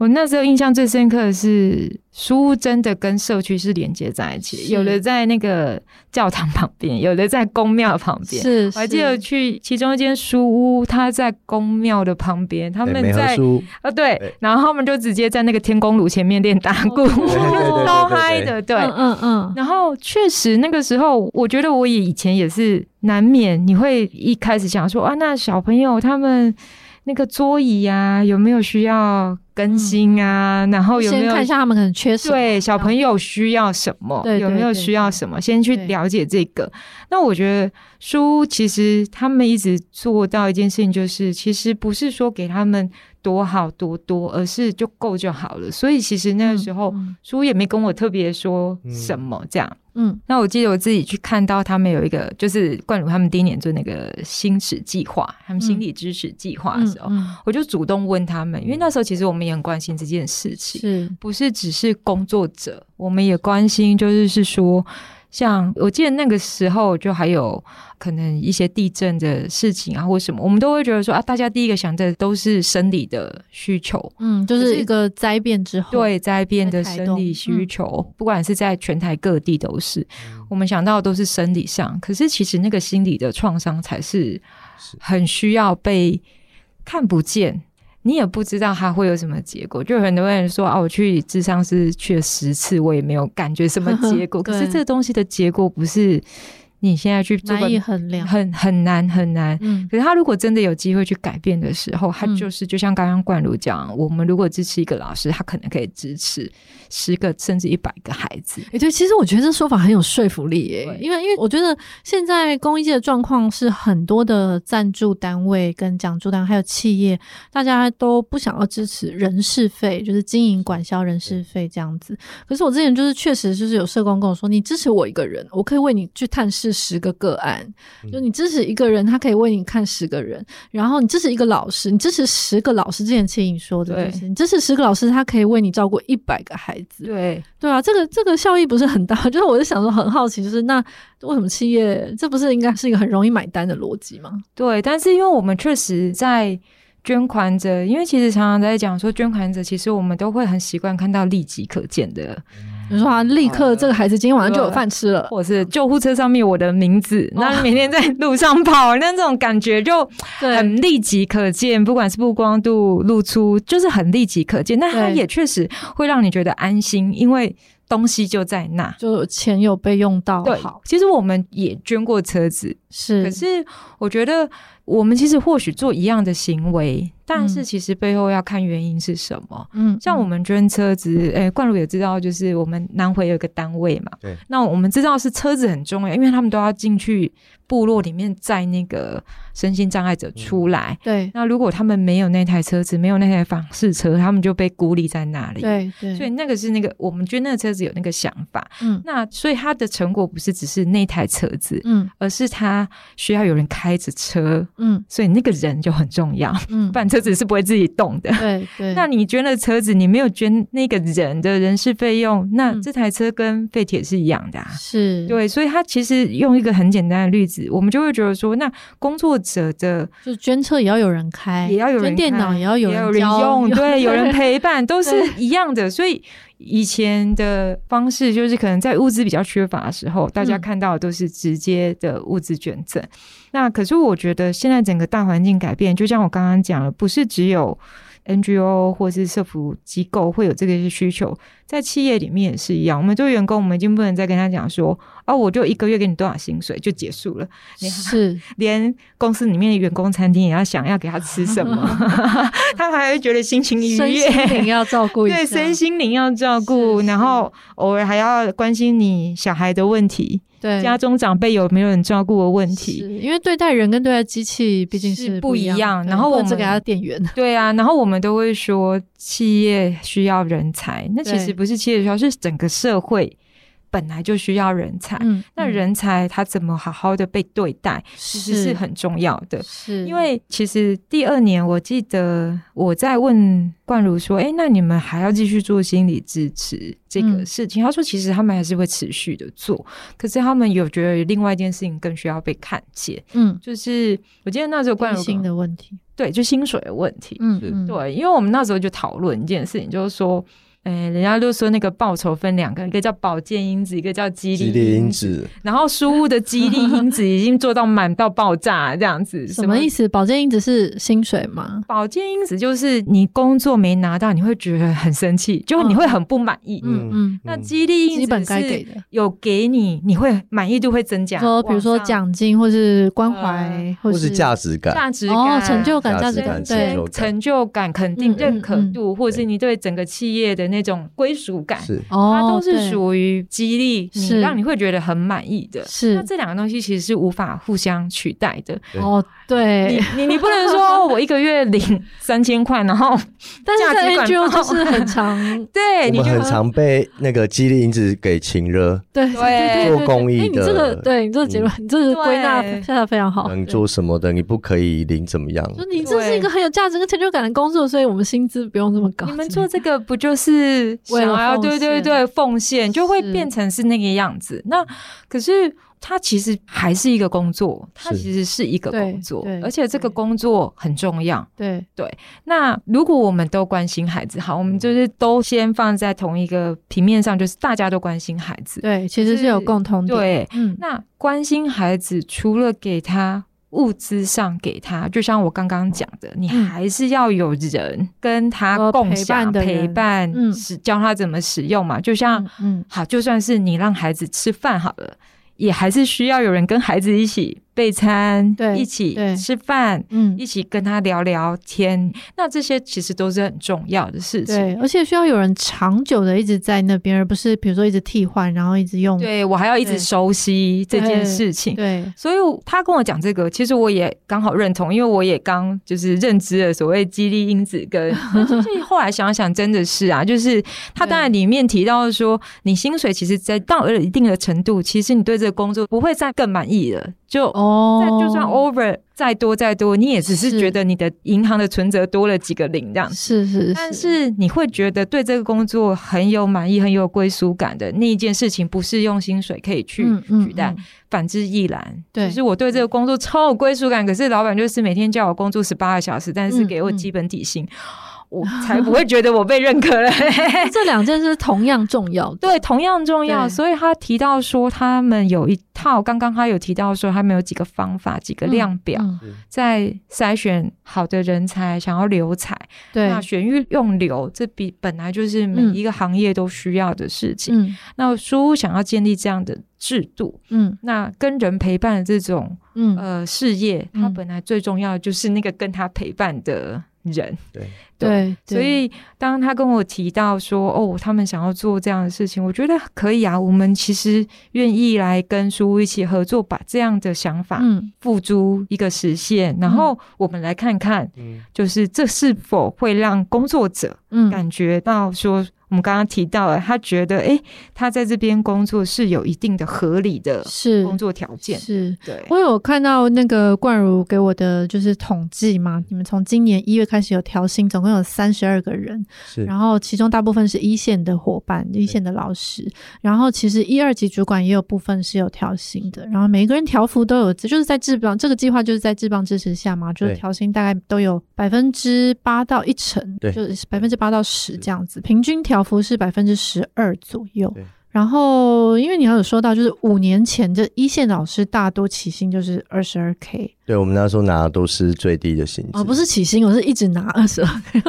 Speaker 4: 我那時候印象最深刻的是，書屋真的跟社區是連接在一起，有的在那個教堂旁邊，有的在宮廟旁邊。是，是，我還記得我去其中一間書屋，它在宮廟的旁邊，他們在書啊對，對，然後他們就直接在那個天公爐前面練打鼓，對對對對對對，超嗨的，對，嗯嗯，嗯。然後確實那個時候，我覺得我以前也是難免你會一開始想說啊，那小朋友他們。那個桌椅呀、啊，有沒有需要更新啊？嗯、然後有沒有先看一下他們可能缺什麼。對，小朋友需要什麼？有沒有需要什麼？對對對對，先去了解這個。對對對對。那我覺得書其實他們一直做到一件事情，就是其實不是說給他們。多好多多，而是就夠就好了。所以其實那個時候，書也沒跟我特別說什麼這樣嗯。嗯，那我記得我自己去看到他們有一個，就是冠儒他們第一年做那個心史計劃，他們心理支持計劃的時
Speaker 3: 候、
Speaker 4: 嗯嗯嗯，我就主動問他們，因為那時候其實我們也很關心這件事情，是不是只是工作者，我們也關心，就是是說。像我記得那個時候，就還有可能一些地震的事情啊，或什麼，我們都會覺得說啊，大家第一個想的都是生理的需求，嗯，就是一個災變之後，對災變的生理需求，不管是在全台各地都是，我們想到的都是生理上，可是其實那個心理的創傷才是很需要被看不見，你也不知道它會有什麼結果，就很多人說啊，我去諮商室去了十次，我也沒有感覺什麼結果。 可是這個東西的結果不是。你現在去做的很以，很很很難很難。嗯，可是他如果真的有機會去改變的時候，嗯、他就是就像剛剛冠儒講，嗯，我們如果支持一個老師，他可能可以支持十個甚至一百個孩子。哎、欸，對，其實我覺得這說法很有說服力耶，欸，
Speaker 1: 因為因為我覺得現在公益界的狀況是，很多的贊助單位跟獎助單位，還有企業，大家都不想要支持人事費，就是經營管銷人事費這樣子。可是我之前就是確實就是有社工跟我說，你支持我一個人，我可以為你去探視。十個個案、嗯，就你支持一個人，他可以為你看十個人；然後你支持一個老師，你支持十個老師，之前奇穎說的就是，你支持十個老師，他可以為你照顧一百個孩子。對對啊，這個這個效益不是很大？就我是我就想說，很好奇，就是那為什麼企業這不是應該是一個很
Speaker 4: 容易買單的邏輯嗎？對，但是因為我們確實在捐款者，因為其實常常在講說，捐款者其實我們都會很習慣看到立即可見的。嗯你說啊，立刻這個孩子今天晚上就有飯吃了，了或是救護車上面我的名字，然、哦、後每天在路上跑，哦，那種感覺就很立即可見。不管是曝光度、露出，就是很立即可見。那它也確實會讓你覺得安心，因為。東西就在那，就錢有被用到好。對好，其實我們也捐過車子，是。可是我覺得我們其實或許做一樣的行為，但是其實背後要看原因是什麼。嗯，像我們捐車子，誒，冠儒也知道，就是我們南迴有一個單位嘛。對。那我們知道是車子很重要，因為他們都要進去。部落裡面載那個身心障礙者出來，嗯，對。那如果他們沒有那台車子，沒有那台復康車，他們就被孤立在那裡。對對。所以那個是那個，我們捐那個車子有那個想法。嗯。那所以他的成果不是只是那台車子，嗯，而是他需要有人開着車，嗯。所以那個人就很重要。嗯。不然車子是不會自己動的。對對。那你捐了車子，你沒有捐那個人的人事費用，那這台車跟廢鐵是一樣的，啊嗯。是。對，所以他其實用一個很簡單的例子。我們就會覺得說，那工作者的，就是捐車也要有人開，也要有人捐電腦也，也要有人用，對，有人陪伴 都是一樣的。所以以前的方式就是，可能在物資比較缺乏的時候，大家看到的都是直接的物資捐贈。那可是我覺得現在整個大環境改變，就像我剛剛講了，不是只有。NGO 或是社服機構會有這個需求，在企業裡面也是一樣。我們作為員工，我們已經不能再跟他講說啊、哦，我就一個月給你多少薪水就結束了。是， 連公司裡面的員工餐廳也要想要給他吃什麼， 他還會覺得心情愉悅。身心靈要照顧，對，身心靈要照顧，然後偶爾還要關心你小孩的問題。對，家中長輩有沒有人照顧的問題，因為對待人跟對待機器畢竟是不一樣。一樣，然後我們給他電源。對啊，然後我們都會說，企業需要人才，那其實不是企業需要，是整個社會。本來就需要人才，嗯，那人才他怎麼好好的被對待，嗯，其實是很重要的。是，是因為其實第二年，我記得我在問冠儒說：“哎，欸，那你們還要繼續做心理支持這個事情？”嗯，他說：“其實他們還是會持續的做，可是他們有覺得另外一件事情更需要被看見。”嗯，就是我記得那時候冠儒薪的問題，對，就薪水的問題。嗯，嗯對，因為我們那時候就討論一件事情，就是說。哎、欸，人家都說那個報酬分兩個，一個叫保健因子，一個叫激勵因，因子。然後，書屋的激勵因子已經做到滿到爆炸 這樣子。什麼意思？保健因子是薪水嗎？保健因子就是你工作沒拿到，你會覺得很生氣，就你會很不滿意。嗯、哦、嗯。那激勵因子是基本該給的，有給你，你會滿意度會增加。說、嗯嗯嗯嗯，比如說獎金，或是關懷、呃或是，或是價值感、價值感、哦、成就感、價值感，感、對，成就感，肯定認可度，嗯嗯嗯、或是你對整個企業的。那種歸屬感，是。哦、它都是屬於激勵、嗯，是。讓你會覺得很滿意的。是那這兩個東西其實是無法互相取代的。哦，對你，你不能說我一個月領三千塊， 然,後然後，但是成就感就是很長。 對，你就很
Speaker 2: 常被那個激勵因子給情勒。 對,對,對,對對對，做公益的，你
Speaker 1: 這個、對你這個結論、嗯，你這是歸納下的非常好。能
Speaker 2: 做什麼的，你不可以領怎麼樣？
Speaker 1: 對就你這是一個很有價值跟成就感的工作，所以我們薪資不用這麼高對。你們做這個不就是？
Speaker 4: 是想要，對對對，奉獻，就會變成是那個樣子。那可是他其實還是一個工作，他其實是一個工作，而且這個工作很重要。對對，對，那如果我們都關心孩子，好，我們就是都先放在同一個平面上，就是大家都關心孩子。對，其實是有共通的。嗯，那關心孩子除了給他。物資上給他，就像我剛剛講的、嗯，你還是要有人跟他共享、陪伴，嗯，教他怎麼使用嘛。嗯、就像，嗯，好，就算是你讓孩子吃飯好了、嗯，也還是需要有人跟孩子一起備餐。對，對，一起吃飯，嗯，一起跟他聊聊天，嗯，那這些其實都是很重要的事情，對，而
Speaker 1: 且需要有人長久的一直在那邊，而不是比如說一直替
Speaker 4: 換，然後一直用，對我還要一直熟悉這件事情，對，對對，所以他跟我講這個，其實我也剛好認同，因為我也剛就是認知了所謂激勵因子跟，跟 所以後來想想真的是啊，就是他當然裡面提到說，你薪水其實，在到了一定的程度，其實你對這個工作不會再更滿意了。就哦，那就算 over、oh，再多再多，你也只是覺得你的銀行的存折多了幾個零這樣，是是是。但是你會覺得對這個工作很有滿意、很有歸屬感的那一件事情，不是用薪水可以去取代。嗯嗯嗯、反之亦然。對，就是我對這個工作超有歸屬感，可是老闆就是每天叫我工作十八個小時，但是給我基本底薪。嗯嗯我才不會覺得我被認可了、欸。 這兩件事同樣重要， 對，同樣重要。所以他提到說，他們有一套，剛剛他有提到說，他們有幾個方法、幾個量表、嗯嗯，在篩選好的人才，想要留才。對，那選育用留，這比本來就是每一個行業都需要的事情。嗯嗯、那書屋想要建立這樣的制度，嗯，那跟人陪伴的這種，嗯呃，事業，它、嗯、本來最重要的就是那個跟他陪伴的。人對對，對，所以當他跟我提到說哦，他們想要做這樣的事情，我覺得可以啊。我們其實願意來跟書屋一起合作，把這樣的想法付諸一個實現，嗯。然後我們來看看，嗯，就是這是否會讓工作者感覺到說。嗯嗯我們剛剛提到了，他覺得，哎、欸，他在這邊工作是有一定的合理的，是工作條件，是，是對。
Speaker 1: 我有看到那個冠儒給我的就是統計嘛，你們從今年一月開始有調薪，總共有三十二個人，是，然後其中大部分是一線的夥伴，一線的老師，然後其實一二級主管也有部分是有調薪的，然後每個人調幅都有，就是在智邦這個計劃就是在智邦支持下嘛，就是調薪大概都有百分之八到一成，對，就是百分之八到十這樣子，平均調。漲幅是百分之十二左右，然後因為你要有說到，就是五年前這一線老師大多起薪就是二十二 K。
Speaker 2: 對，我們那時候拿的都是最低的薪資、哦、
Speaker 1: 不是起薪，我是一直拿二十二，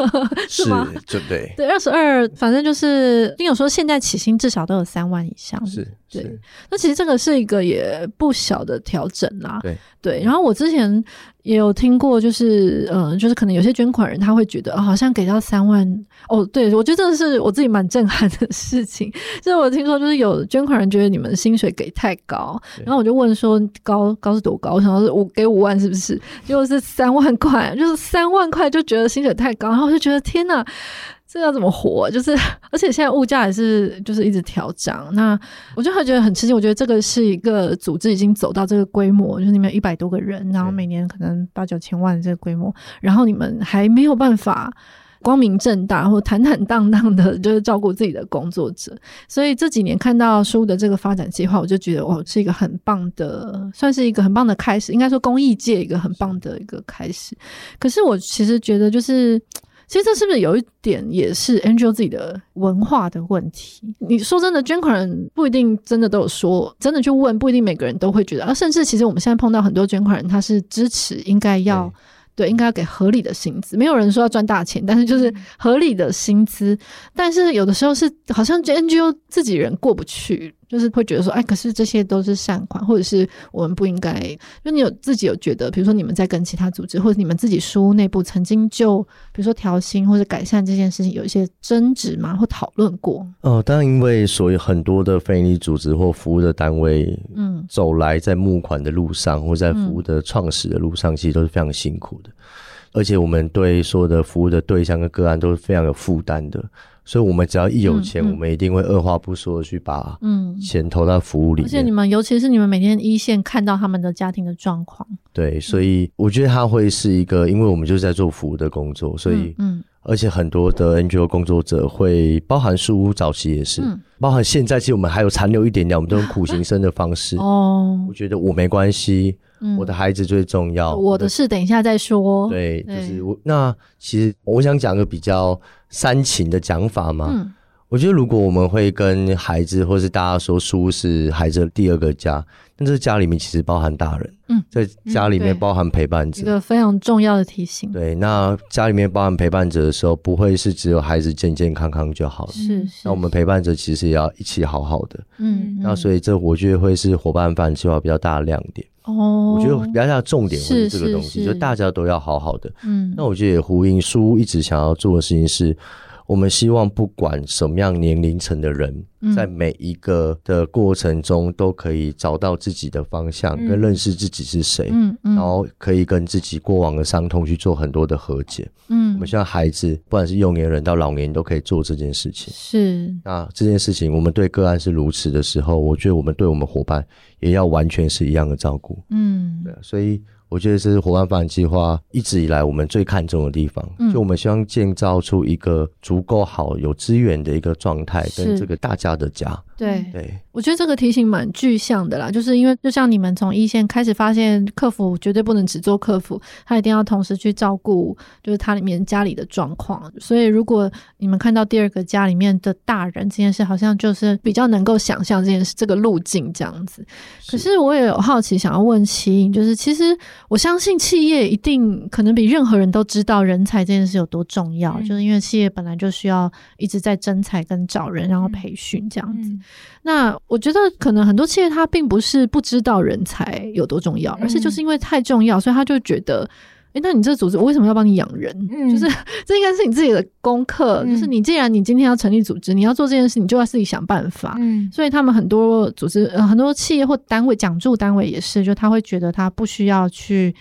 Speaker 1: 是嗎？
Speaker 2: 對對，
Speaker 5: 對
Speaker 1: 二十二，反正就是因為有說現在起薪至少都有三萬以上，
Speaker 5: 是，
Speaker 1: 是對。那其實這個是一個也不小的調整啊，對對。然後我之前也有聽過，就是嗯、呃，就是可能有些捐款人他會覺得、哦、好像給到三萬哦，對我覺得這是我自己蠻震撼的事情。就是我聽說就是有捐款人覺得你們薪水給太高，然後我就問說高高是多高？我想說五給五萬。是不是？就是三萬塊，就是三萬塊就覺得薪水太高，然後我就覺得天吶，這要怎麼活啊？就是而且現在物價也是就是一直調漲。那我就會覺得很吃驚，我覺得這個是一個組織已經走到這個規模，就是你們有一百多個人，然後每年可能八九千萬這個規模，然後你們還沒有辦法。光明正大或坦坦蕩蕩的，就是照顧自己的工作者。所以這幾年看到書的這個發展計劃，我就覺得哇，是一個很棒的，算是一個很棒的開始。應該說公益界一個很棒的一個開始。可是我其實覺得，就是其實這是不是有一點也是 NGO 自己的文化的問題？你說真的，捐款人不一定真的都有說，真的去問，不一定每個人都會覺得。而、啊、甚至其實我們現在碰到很多捐款人，他是支持應該要。對，應該要給合理的薪資。沒有人說要賺大錢，但是就是合理的薪資。但是有的時候是好像就 NGO 自己人過不去。就是會覺得說，哎，可是這些都是善款，或者是我們不應該。就你有自己有覺得，比如說你們在跟其他組織，或者你們自己書屋內部，曾經就比如說調薪或者改善這件事情，有一些爭執嗎？或討論過？
Speaker 2: 哦，當然，因為所以很多的非營利組織或服務的單位，嗯，走來在募款的路上，嗯、或在服務的創始的路上，其實都是非常辛苦的。嗯、而且我們對所有的服務的對象跟個案都是非常有負擔的。所以，我們只要一有錢、嗯嗯，我們一定會二話不說的去把嗯錢投到服務裡面、嗯。而
Speaker 1: 且，你們尤其是你們每天一線看到他們的家庭的狀況，
Speaker 2: 對、嗯，所以我覺得他會是一個，因為我們就是在做服務的工作，所以嗯，嗯，而且很多的 NGO 工作者會包含書屋早期也是、嗯，包含現在其實我們還有殘留一點點，我們這種苦行僧的方式、啊、哦。我覺得我沒關係、嗯，我的孩子最重要，嗯、
Speaker 1: 我的事等一下再說。對，對就是
Speaker 2: 我那其實我想講個比較。煽情的講法嗎？嗯我覺得，如果我們會跟孩子，或是大家說，書是孩子的第二個家，但這家裡面其實包含大人，嗯、在家裡面包含陪伴者，這、嗯、
Speaker 1: 個非常重要的提醒。對，
Speaker 2: 那家裡面包含陪伴者的時候，不會是只有孩子健健康康就好了。是是，是。那我們陪伴者其實也要一起好好的。
Speaker 3: 嗯。嗯那所
Speaker 2: 以，這我覺得會是夥伴發展計畫比較大的亮點。哦。
Speaker 3: 我覺得比
Speaker 2: 較大的重點會是這個東西是是是，就大家都要好好的。嗯。那我覺得也呼應書一直想要做的事情是。我們希望，不管什麼樣年齡層的人，在每一個的過程中，都可以找到自己的方向，嗯、跟認識自己是誰、嗯嗯，然後可以跟自己過往的傷痛去做很多的和解，嗯、我們希望孩子，不管是幼年人到老年都可以做這件事情。
Speaker 3: 是，那
Speaker 2: 這件事情我們對個案是如此的時候，我覺得我們對我們夥伴也要完全是一樣的照顧，嗯，對，所以。我覺得這是夥伴發展計劃一直以來我們最看重的地方，嗯、就我們希望建造出一個足夠好、有資源的一個狀態跟這個大家的家。對，
Speaker 1: 對，我覺得這個提醒蠻具象的啦，就是因為就像你們從一線開始發現，客服絕對不能只做客服，他一定要同時去照顧就是他裡面家裡的狀況。所以如果你們看到第二個家裡面的大人這件事，好像就是比較能夠想象這件事這個路徑這樣子。可是我也有好奇想要問奇穎，就是其實我相信企業一定可能比任何人都知道人才這件事有多重要，嗯、就是因為企業本來就需要一直在徵才跟找人，然後培訓這樣子。嗯嗯那我覺得可能很多企業他並不是不知道人才有多重要，嗯、而是就是因為太重要，所以他就覺得，誒、欸，那你這個組織我為什麼要幫你養人、嗯？就是 這應該是你自己的功課、嗯。就是你既然你今天要成立組織，你要做這件事，你就要自己想辦法。嗯、所以他們很多組織，呃、很多企業或單位、講座單位也是，就他會覺得他不需要去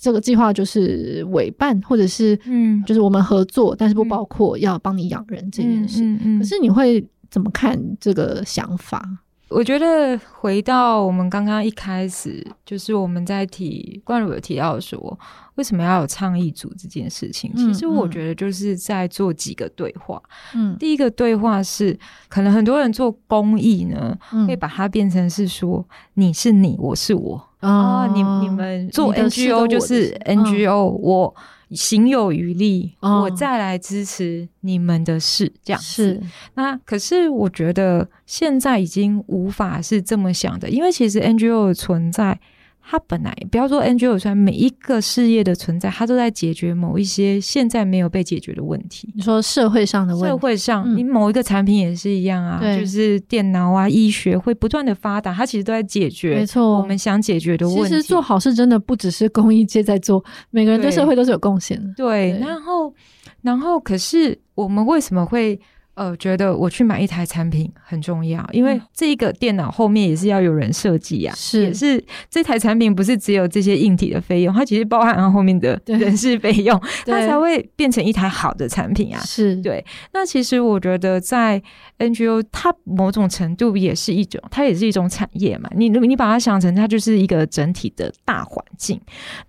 Speaker 1: 這個計劃，就是委辦或者是嗯，就是我們合作，嗯、但是不包括要幫你養人這件事。嗯嗯嗯、可是你會，怎麼看這個想法？
Speaker 4: 我覺得回到我們剛剛一開始，就是我們在提冠儒有提到說，為什麼要有倡議組這件事情、嗯嗯？其實我覺得就是在做幾個對話。嗯，第一個對話是，可能很多人做公益呢，會、嗯、把它變成是說你是你，我是我、嗯、啊，你你們做 NGO 就是 NGO 我。嗯行有餘力，我再來支持你們的事，哦、這樣子是。那可是我覺得現在已經無法是這麼想的，因為其實 NGO 的存在。他本來不要說 NGO 圈，每一個事業的存在，它都在解決某一些現在沒有被解決的問題。你說社會上的問題，社會上、嗯、你某一個產品也是一樣啊，就是電腦啊，醫學會不斷的發達，它其實都在解決，沒錯，我們想解決的問題。其實做好事真的不只
Speaker 1: 是公益界在做，每個人對社會都是有貢獻
Speaker 4: 的對對。對，然後，然後，可是我們為什麼會？呃，覺得我去買一台產品很重要，因為這個電腦後面，也是要有人設計呀。是、嗯，也是這台產品不是只有這些硬體的費用，它其實包含了後面的人事費用，它才會變成一台好的產品啊。是對。那其實我覺得在 NGO，它某種程度也是一種，它也是一種產業嘛。你你把它想成它就是一個整體的大環境，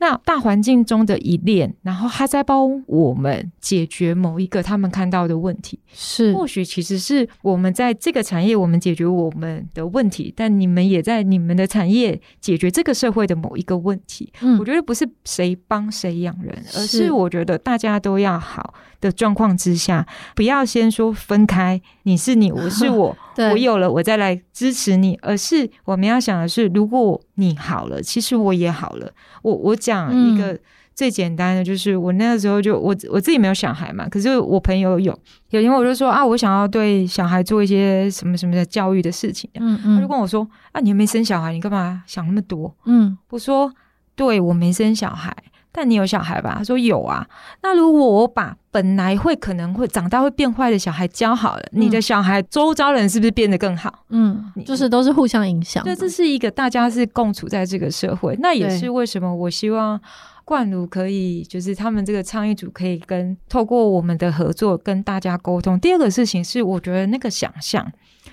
Speaker 4: 那大環境中的一鏈，然後它在幫我們解決某一個他們看到的問題是。或許其實是我們在這個產業，我們解決我們的問題，但你們也在你們的產業解決這個社會的某一個問題。嗯，我覺得不是誰幫誰養人，而是我覺得大家都要好的狀況之下，不要先說分開，你是你，我是我，啊，我有了我再來支持你，而是我們要想的是，如果你好了，其實我也好了。我我講一個。嗯最簡單的就是，我那個時候就我我自己沒有小孩嘛，可是我朋友有，有一天我就說啊，我想要對小孩做一些什麼什麼的教育的事情。嗯嗯，他就跟我說啊，你又沒生小孩，你幹嘛想那麼多？嗯，我說，對，我沒生小孩，但你有小孩吧？他說有啊。那如果我把本來會可能會長大會變壞的小孩教好了，嗯，你的小孩周遭人是不是變得更好？嗯，就是都是互相影響。對，這是一個大家是共處在這個社會，那也是為什麼我希望。冠儒可以，就是他們這個倡議組可以跟透過我們的合作跟大家溝通。第二個事情是，我覺得那個想象、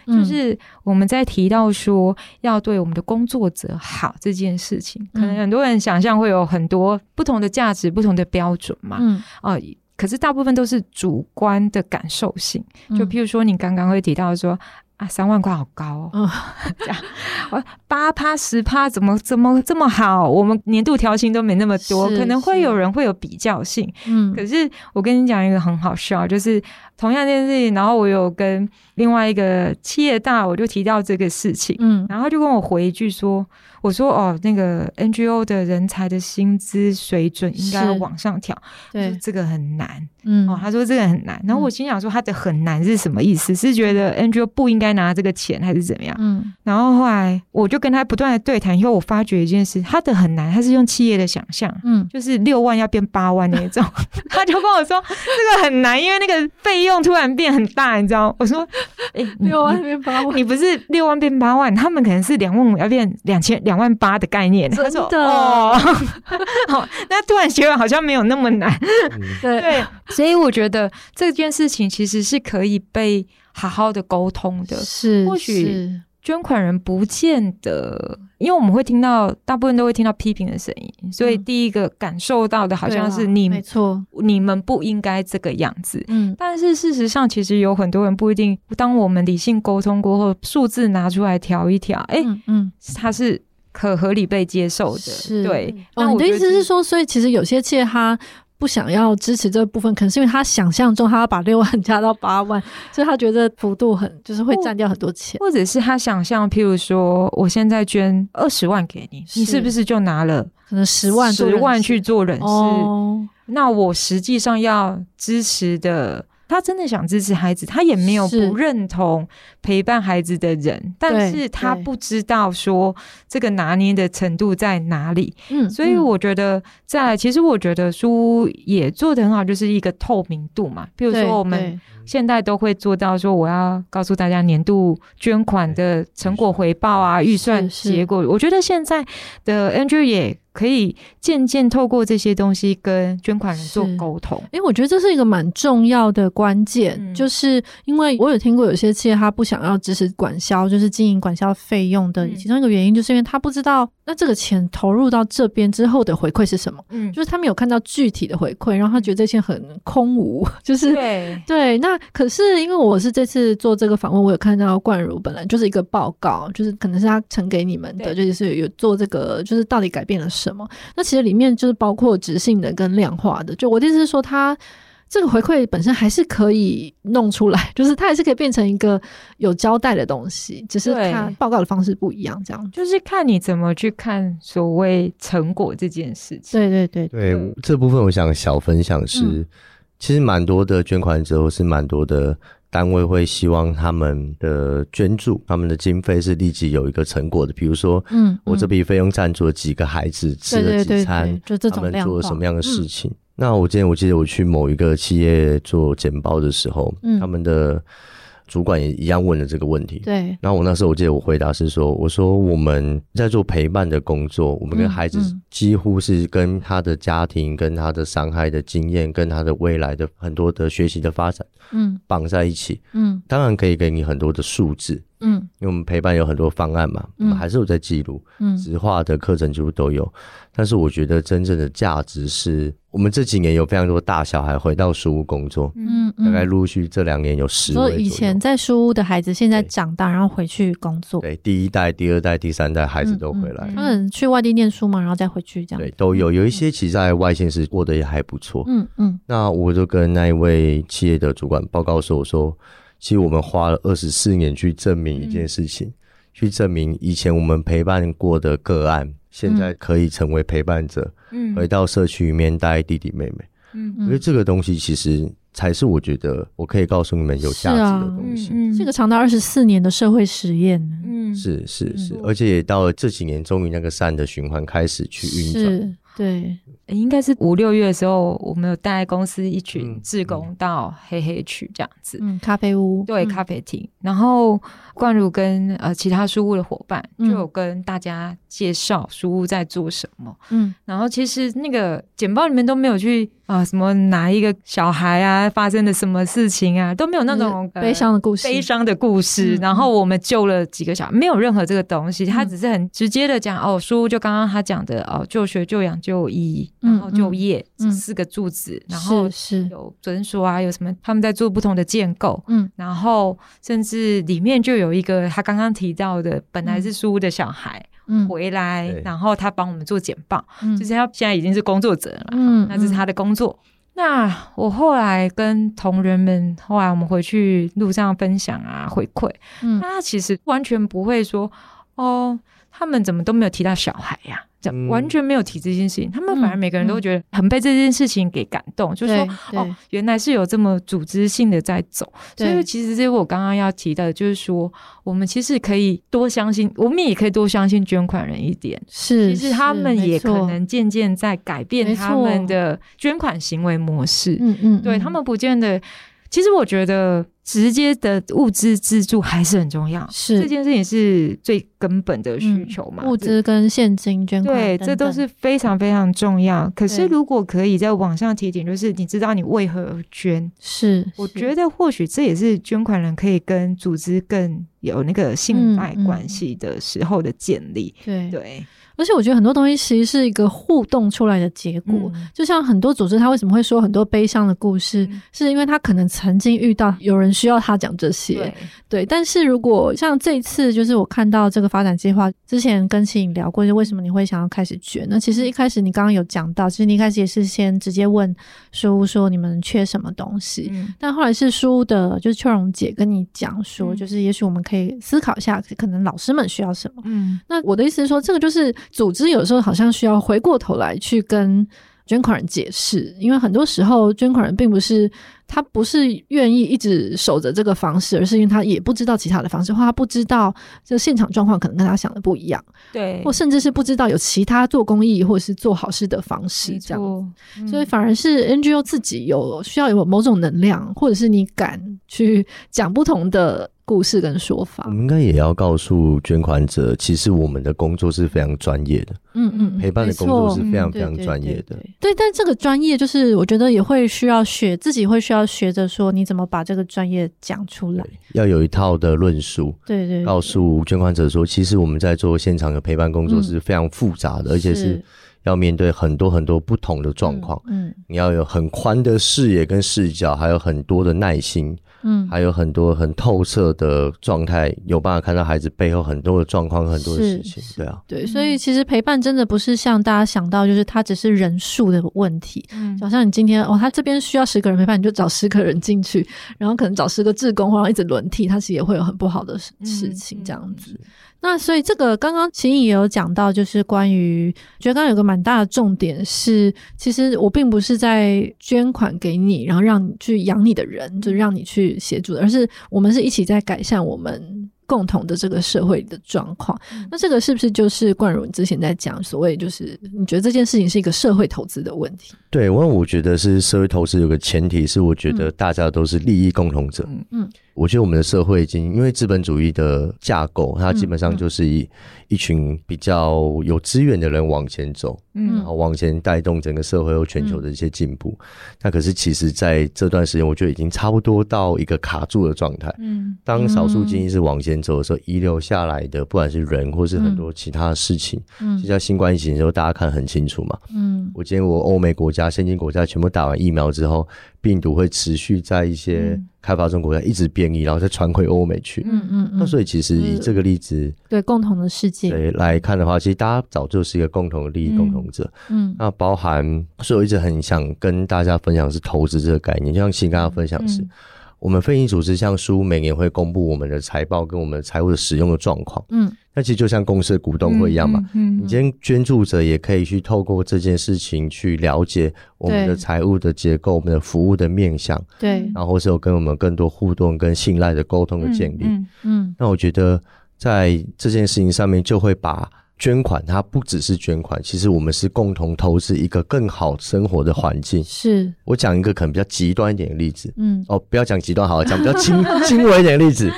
Speaker 4: 嗯，就是我們在提到說要對我們的工作者好這件事情，嗯、可能很多人想象會有很多不同的價值、嗯、不同的標準嘛。啊、嗯呃，可是大部分都是主觀的感受性，就譬如說，你剛剛會提到說。嗯啊，三萬塊好高，哦！這樣，我八趴十趴，怎麼怎麼這麼好？我們年度調薪都沒那麼多，可能會有人會有比較性。嗯，可是我跟你講一個很好笑，就是。同樣一件事情，然後，我有跟另外一個企業大佬，我就提到這個事情，嗯，然後他就跟我回一句說，我說哦，那個 NGO 的人才的薪資水準應該要往上調，對，這個很難，嗯，哦，他說這個很難，然後我心想說他的很難是什麼意思？嗯、是覺得 NGO 不應該拿這個錢，還是怎麼樣？嗯，然後後來我就跟他不斷的對談，因為我發覺一件事，他的很難，他是用企業的想象，嗯，就是六萬要變八萬那種，嗯、 他就跟我說 這個很難，因為那個費用。 突然變很大，你知道？我說，哎、欸， 六萬變八萬，你不是六萬變八萬，他們可能是兩萬五要變兩千兩萬八的概念，真的哦。好、 哦，那突然學完好像沒有那麼難，對、嗯、對，所以我覺得這件事情其實是可以被好好的溝通的，是或許。是捐款人不見得，因為我們會聽到大部分都會聽到批評的聲音，所以第一個感受到的好像是你，沒錯，你們不應該這個樣子。嗯，但是事實上，其實有很多人不一定。當我們理性溝通過後，數字拿出來調一調，哎，嗯，它是可合理被接受的，對。哦，我的
Speaker 1: 意思是說，所以其實有些其實他。不想要支持這部分，可能是因為他想象中他要把
Speaker 4: 六萬加到八萬，所以他覺得幅度很，就是會佔掉很多錢。或，或者是他想象，譬如說，我現在捐二十萬給你，你是不是就拿了可能十萬十萬去做人事？哦。那我實際上要支持的。他真的想支持孩子，他也沒有不認同陪伴孩子的人，是但是他不知道說這個拿捏的程度在哪裡。嗯，所以我覺得，在、嗯、其實我覺得書也做得很好，就是一個透明度嘛。比如說我們。現在都會做到，說我要告訴大家年度捐款的成果回報啊，預算結果是是。我覺得現在的 NGO 也可以漸漸透過這些東西跟捐款人做溝通。哎、欸，我覺得這是一個蠻重要的
Speaker 1: 關鍵、嗯，就是因為我有聽過有些企業他不想要支持管銷，就是經營管銷費用的其中一個原因，就是因為他不知道。那這個錢投入到這邊之後的回饋是什麼？嗯,就是他沒有看到具體的回饋，然後他覺得這錢很空無。嗯、就是對對。那可是因為我是這次做這個訪問，我有看到冠儒本來就是一個報告，就是可能是他呈給你們的，就是有做這個，就是到底改變了什麼？那其實裡面就是包括質性的跟量化的。就我的意思是說他。這個回饋本身還是可以弄出來，就是它還是可以變成一個有交代的東西，只是它
Speaker 4: 報告的方式不一樣。這樣就是看你怎麼去看所謂成果這件事情。對對對對，
Speaker 2: 對，對，這部分我想小分享是、嗯，其實蠻多的捐款者或是蠻多的單位會希望他們的捐助、他們的經費是立即有一個成果的，比如說，嗯，嗯我這筆費用贊助幾個孩子吃了幾餐，對對對對，就這種量化他們做了什麼樣的事情。嗯那我今天我記得我去某一個企業做簡報的時候，嗯，他們的主管也一樣問了這個問題，對。那我那時候我記得我回答是說，我說我們在做陪伴的工作，我們跟孩子幾乎是跟他的家庭、嗯、跟他的傷害的經驗、跟他的未來的很多的學習的發展，嗯，綁在一起，嗯，嗯，當然可以給你很多的數字。嗯，因為我們陪伴有很多方案嘛，嗯、我們還是有在記錄，嗯，直化的課程幾乎都有、嗯。但是我覺得真正的價值是我們這幾年有非常多大小孩回到書屋工作，嗯，嗯大概陸續這兩年有十位。說、嗯嗯、以，以前
Speaker 1: 在書屋的孩子現在長大，然後回去工作，對，
Speaker 2: 第一代、第二代、第三代孩子都回來。嗯嗯、他們
Speaker 1: 去外地念書嘛，然後再回去這樣，對，
Speaker 2: 都有。有一些其實在外縣市過得也還不錯，嗯嗯。那我就跟那一位企業的主管報告說，我說。其實我們花了二十四年去證明一件事情、嗯，去證明以前我們陪伴過的個案，嗯、現在可以成為陪伴者，嗯、回到社區裡面帶弟弟妹妹。嗯，因為這個東西其實才是我覺得我可以告訴你們有價值的
Speaker 1: 東西。這個長達二十四年的社會實驗，嗯，
Speaker 2: 是是是，是、嗯，而且也到了這幾年，終於那個善的循環開始去運轉。
Speaker 4: 對，應該是五六月的時候，我們有帶公司一群志工到黑黑去這樣子，嗯，咖啡屋，對，咖啡廳、嗯。然後冠儒跟呃其他書屋的夥伴、嗯、就有跟大家介紹書屋在做什麼，嗯，然後其實那個簡報裡面都沒有去啊、呃，什麼哪一個小孩啊發生了什麼事情啊都沒有那種、那個、悲傷的故事，呃、悲傷的故事、嗯。然後我們救了幾個小孩，沒有任何這個東西，他只是很直接的講、嗯、哦，書屋就剛剛他講的哦，就學就養。就醫，然後就業，嗯嗯、四個柱子、嗯，然後是有診所啊，有什麼？他們在做不同的建構，嗯，然後甚至裡面就有一個他剛剛提到的，本來是書屋的小孩、嗯、回來，然後他幫我們做簡報、嗯，就是他現在已經是工作者了，嗯，那這是他的工作、嗯嗯。那我後來跟同仁們，後來我們回去路上分享啊，回饋，嗯，那他其實完全不會說哦，他們怎麼都沒有提到小孩呀、啊。完全沒有提這件事情，他們反而每個人都覺得很被這件事情給感動，嗯、就是說哦，原來是有這麼組織性的在走，所以其實這個我剛剛要提到的就是說，我們其實可以多相信，我們也可以多相信捐款人一點，是，其實他們也可能漸漸在改變他們的捐款行為模式，嗯嗯，對，他們不見得，其實我覺得。直接的物資資助還是很重要，是這件事情是最根本的需求嘛。嗯、物資
Speaker 1: 跟現金捐款等等，對，這都是
Speaker 4: 非常非常重要。嗯、可是如果可以在網上提醒，就是你知道你為何捐，是，我覺得或許這也是捐款人可以跟組織更有那個信賴關係的時候的建立，嗯嗯、
Speaker 1: 對。對而且我覺得很多東西其實是一個互動出來的結果，嗯、就像很多組織他為什麼會說很多悲傷的故事，嗯、是因為他可能曾經遇到有人需要他講這些。對。對但是，如果像這一次，就是我看到這個發展計劃之前，跟奇穎聊過，就為什麼你會想要開始捲？那、嗯、其實一開始你剛剛有講到，其實你一開始也是先直接問書說你們缺什麼東西，嗯、但後來是書的，就是秋蓉姐跟你講說、嗯，就是也許我們可以思考一下，可能老師們需要什麼。嗯。那我的意思是說，這個就是。組織有時候好像需要回過頭來去跟捐款人解釋，因為很多時候捐款人並不是他不是願意一直守着這個方式，而是因為他也不知道其他的方式，或者他不知道這現場狀況可能跟他想的不一樣，對，或甚至是不知道有其他做公益或者是做好事的方式，這樣、嗯，所以反而是 NGO 自己有需要有某種能量，或者是你敢去講不同的。故事跟說法，我們
Speaker 2: 應該也要告訴捐款者，其實我們的工作是非常專業的。嗯嗯，陪伴的工作是非常非常專業的，嗯嗯對對對對
Speaker 1: 對。對，但這個專業就是我覺得也會需要學，自己會需要學着說你怎麼把這個專業講出來，
Speaker 2: 要有一套的論述。對對，對，告訴捐款者說，其實我們在做現場的陪伴工作是非常複雜的，嗯，而且是要面對很多很多不同的狀況嗯。嗯，你要有很寬的視野跟視角，還有很多的耐心。嗯，還有很多很透徹的狀態，有辦法看到孩子背後很多的狀況，很多的事情，對啊，對，
Speaker 1: 所以其實陪伴真的不是像大家想到，就是他只是人數的問題。嗯，就好像你今天哦，他這邊需要十個人陪伴，你就找十個人進去，然後可能找十個志工，或者一直輪替，他其實也會有很不好的事情這樣子。嗯嗯那所以這個剛剛奇穎也有講到，就是關於，覺得剛剛有個蠻大的重點是，其實我並不是在捐款給你，然後讓你去養你的人，就是讓你去協助的，而是我們是一起在改善我們共同的這個社會的狀況。那這個是不是就是冠儒之前在講所謂就是你覺得這件事情是一個社會投資的問題？
Speaker 2: 對，因為我覺得是社會投資有個前提是，我覺得大家都是利益共同者。嗯嗯。我覺得我們的社會已經因為資本主義的架構，它基本上就是以、嗯、一群比較有資源的人往前走，嗯、然後往前帶動整個社會和全球的一些進步、嗯。那可是其實在這段時間，我覺得已經差不多到一個卡住的狀態、嗯嗯。當少數精英是往前走的時候，遺留下來的不管是人或是很多其他的事情，就、嗯、像新冠疫情的時候，大家看得很清楚嘛。嗯、我見過歐美國家、先進國家全部打完疫苗之後。病毒會持續在一些開發中國家一直變異，嗯、然後再傳回歐美去。嗯嗯，嗯那所以其實以這個例子，
Speaker 1: 對共同的世界
Speaker 2: 來看的話，其實大家早就是一個共同的利益、嗯、共同者。嗯。那包含，所以我一直很想跟大家分享的是投資這個概念，嗯、就像新剛剛分享的是。嗯我們非營利組織像書，每年會公布我們的財報跟我們財務的使用的狀況。嗯，那其實就像公司的股東會一樣嘛嗯嗯嗯。嗯，你今天捐助者也可以去透過這件事情去了解我們的財務的結構、我們的服務的面向。對，然後或是有跟我們更多互動跟信賴的溝通的建立嗯嗯。
Speaker 3: 嗯，
Speaker 2: 那我覺得在這件事情上面就會把。捐款，它不只是捐款，其實我們是共同投資一個更好生活的環境。是，我講一個可能比較極端一點的例子，嗯，哦，不要講極端好了，好好講比較輕輕 微一點的例子。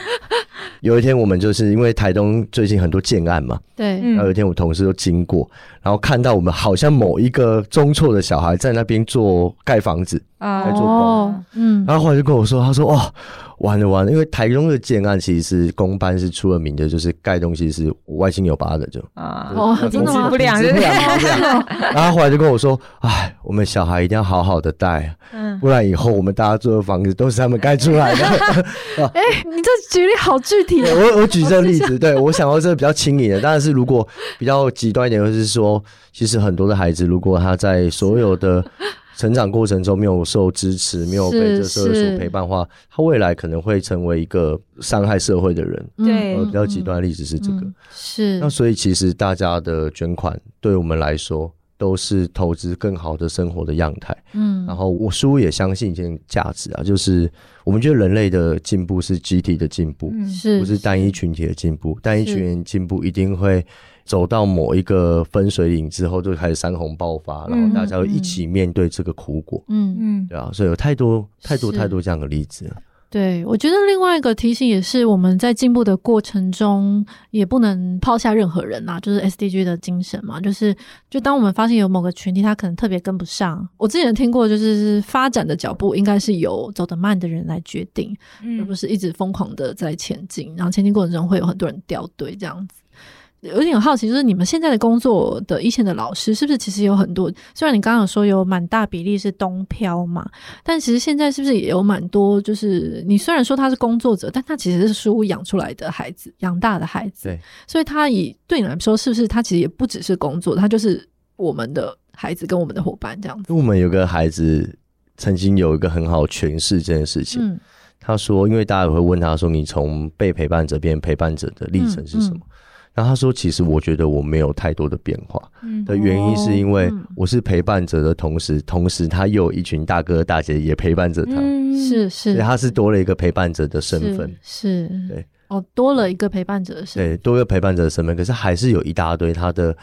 Speaker 2: 有一天，我們就是因為台東最近很多建案嘛，對，然後有一天我同事都經過，嗯，然後看到我們好像某一個中輟的小孩在那邊做蓋房子啊，哦，在做
Speaker 3: 工，嗯，然
Speaker 2: 後後來就跟我說，他說，哦。玩了完了，因為台中的建案其實是公班是出了名的，就是蓋東西是歪七扭八的，就啊，控、就、制、是、不良，控 然後後來就跟我說：“哎，我們小孩一定要好好的帶、嗯，不然以後我們大家住的房子都是他們蓋出來的。嗯”
Speaker 1: 哎、 欸，你這舉例好具體、啊。 我我，
Speaker 2: 我舉這個例子，我對我想到這個比較輕盈的，但是如果比較極端一點，就是說，其實很多的孩子，如果他在所有的。 成長過程中沒有受支持，沒有被這社會所陪伴的話，話他未來可能會成為一個傷害社會的人。對，呃、比較極端的例子是這個、嗯
Speaker 3: 嗯嗯。是。那所
Speaker 2: 以其實大家的捐款對我們來說都是投資更好的生活的樣態。嗯。然後我書屋也相信一件價值啊，就是我們覺得人類的進步是集體的進步、嗯是，不是單一群體的進步。單一群體進步一定會。走到某一個分水嶺之後，就開始山洪爆發，然後大家會一起面對這個苦果。嗯嗯，對啊，所以有太多太多太多這樣的例子了。
Speaker 1: 對，我覺得另外一個提醒也是，我們在進步的過程中，也不能拋下任何人啊，就是 SDG 的精神嘛。就是，就當我們發現有某個群體他可能特別跟不上，我之前聽過，就是發展的腳步應該是由走得慢的人來決定，嗯，而不是一直瘋狂的在前進，然後前進過程中會有很多人掉隊這樣子。有點好奇，就是你們現在的工作的一線的老師，是不是其實有很多？雖然你剛剛說有蠻大比例是東漂嘛，但其實現在是不是也有蠻多？就是你雖然說他是工作者，但他其實是書屋養出來的孩子，養大的孩子，對，所以他以對你來說，是不是他其實也不只是工作，他就是我們的孩子跟我們的夥伴這樣
Speaker 2: 子。我們有個孩子曾經有一個很好詮釋這件事情，嗯，他說，因為大家也會問他說，你從被陪伴者變陪伴者的歷程是什麼？嗯嗯然後他說：“其實我覺得我沒有太多的變化、嗯，的原因是因為我是陪伴者的同時，嗯、同時他又有一群大哥大姐也陪伴着他，嗯、他是是，嗯、他是多了一個陪伴者的身份，是，是
Speaker 1: 對，哦，多了一個陪伴者，的
Speaker 2: 身份，對，對對多了個陪伴者的身份，的身份，可是還是有一大堆他的。”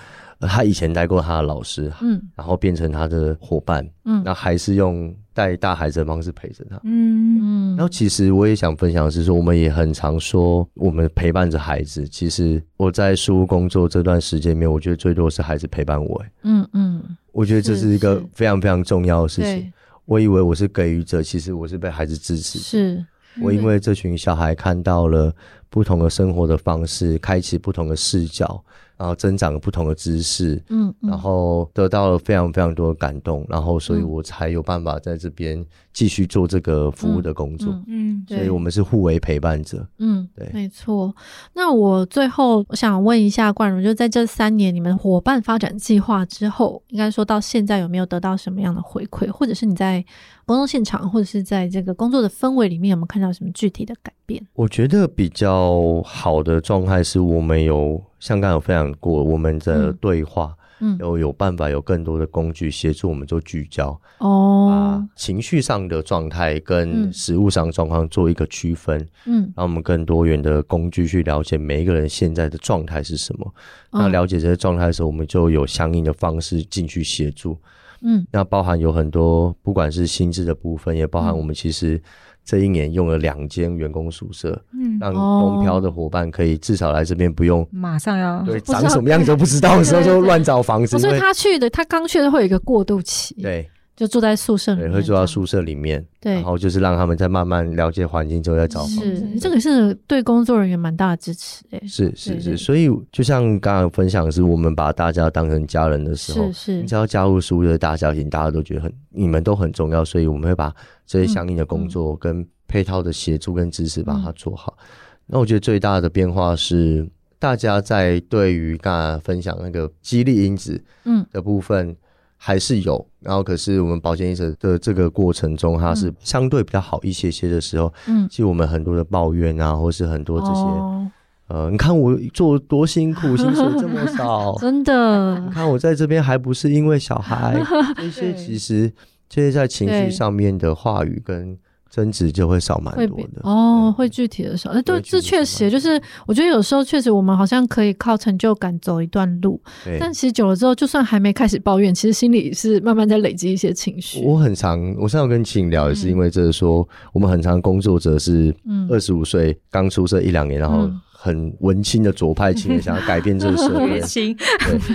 Speaker 2: 他以前帶過他的老師，嗯，然後變成他的伙伴，嗯，那還是用帶大孩子的方式陪着他，嗯嗯。然後其實我也想分享的是說，我們也很常說我們陪伴着孩子。其實我在書屋工作這段時間裡面，我覺得最多是孩子陪伴我耶，嗯嗯。我覺得這是一個非常非常重要的事情。我以為我是給予者，其實我是被孩子支持。是，是我因為這群小孩看到了不同的生活的方式，開啟不同的視角。然後增長了不同的知識嗯，嗯，然後得到了非常非常多的感動，嗯，然後所以我才有辦法在這邊繼續做這個服務的工作，嗯，嗯嗯，所以我們是互為陪伴者，嗯，
Speaker 1: 對，沒錯。那我最後我想問一下冠儒，就在這三年你們伙伴發展計劃之後，應該說到現在有沒有得到什麼樣的回饋，或者是你在工作現場或者是在這個工作的氛圍裡面有沒有看到什麼具體的改變？
Speaker 2: 我覺得比較好的狀態是我們有。像剛才有分享過，我們的對話嗯，嗯，有有辦法有更多的工具協助我們做聚焦
Speaker 3: 哦，
Speaker 2: 情緒上的狀態跟實務上的狀況做一個區分，嗯，讓我們更多元的工具去了解每一個人現在的狀態是什麼。嗯、那了解這些狀態的時候，我們就有相應的方式進去協助，嗯、哦，那包含有很多，不管是心智的部分，嗯、也包含我們其實。這一年用了兩間員工宿舍，嗯、讓東漂的夥伴可以至少來這邊，不用、哦、
Speaker 1: 馬上要對長什麼樣子都不知道的時候就亂找房子。 對對對，所以他去的，他剛去的會有一個過渡期。對。就住在宿舍裡面，也會住
Speaker 2: 到宿舍裡面。對，然後就是讓他們在慢慢了解環境之後再找房子。
Speaker 1: 是，這個是對工作人員蠻大的支持、欸、是是是，
Speaker 2: 所以就像剛剛分享的是，我們把大家當成家人的時候，是是，你只要加入書屋的大家庭，大家都覺得很你們都很重要，所以我們會把這些相應的工作跟配套的協助跟支持把它做好、嗯嗯。那我覺得最大的變化是，大家在對於剛剛分享那個激勵因子嗯的部分。嗯還是有，然後可是我們保健醫生的這個過程中，他是相對比較好一些些的時候，嗯，其實我們很多的抱怨啊，嗯、或是很多這些，哦、呃，你看我做多辛苦，薪 水這麼少， 真
Speaker 1: 的，
Speaker 2: 你看我在這邊還不是因為小孩 這些，其實 這些在情緒上面的話語跟。爭執就會少蠻
Speaker 1: 多的哦，會具體的少，哎，對，這確實就是，我覺得有時候確實我們好像可以靠成就感走一段路，但其實久了之後，就算還沒開始抱怨，其實心裡是慢慢在累積一些情緒。我
Speaker 2: 很常，我上次跟秦聊也是因為這個說，說、嗯、我們很常工作者是二十五歲剛出社一兩年，然後很文青的左派青年，嗯、想要改變這個社會，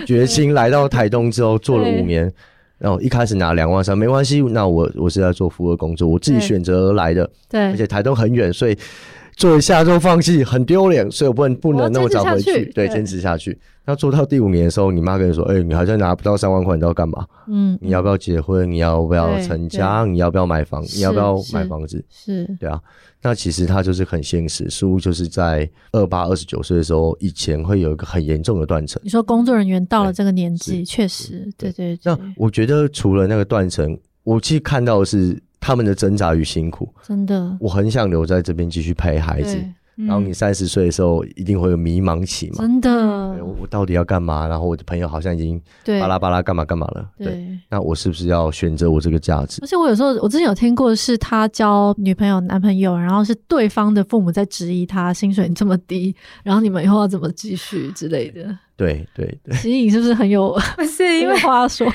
Speaker 2: 決心來到台東之後做了五年。 然後一開始拿兩萬三，沒關係。那我我是在做服務工作，我自己選擇而來的對。對，而且台東很遠，所以。做一下就放棄，很丟臉，所以我不能不能那麼早回去,去。對，堅持下去。那做到第五年的時候，你媽跟你說：“哎、欸，你好像拿不到三萬塊，你都要幹嘛？嗯，你要不要結婚？你要不要成家？你要不要買房？你要不要買房子？是，是對啊。那其實他就是很現實，似乎就是在二十八、二十九歲的時候，以前會有一個很嚴重的斷層。你
Speaker 1: 說工作人員到了這個年紀，確實，嗯、對對,對,對,對。那
Speaker 2: 我覺得除了那個斷層，我其實看到的是。他們的掙扎與辛苦，
Speaker 3: 真的，我
Speaker 2: 很想留在這邊繼續陪孩子。嗯、然後你三十歲的時候一定會有迷茫期嘛？真的，我到底要幹嘛？然後我的朋友好像已經巴拉巴拉幹嘛幹嘛了對對。對，那我是不是要選擇我這個價值？
Speaker 1: 而且我有時候我之前有聽過，是他交女朋友、男朋友，然後是對方的父母在質疑他薪水這麼低，然後你們以後要怎麼繼續
Speaker 4: 之類的。
Speaker 2: 對對對,對。
Speaker 4: 其實你是不是很有？ 不是，因為話說。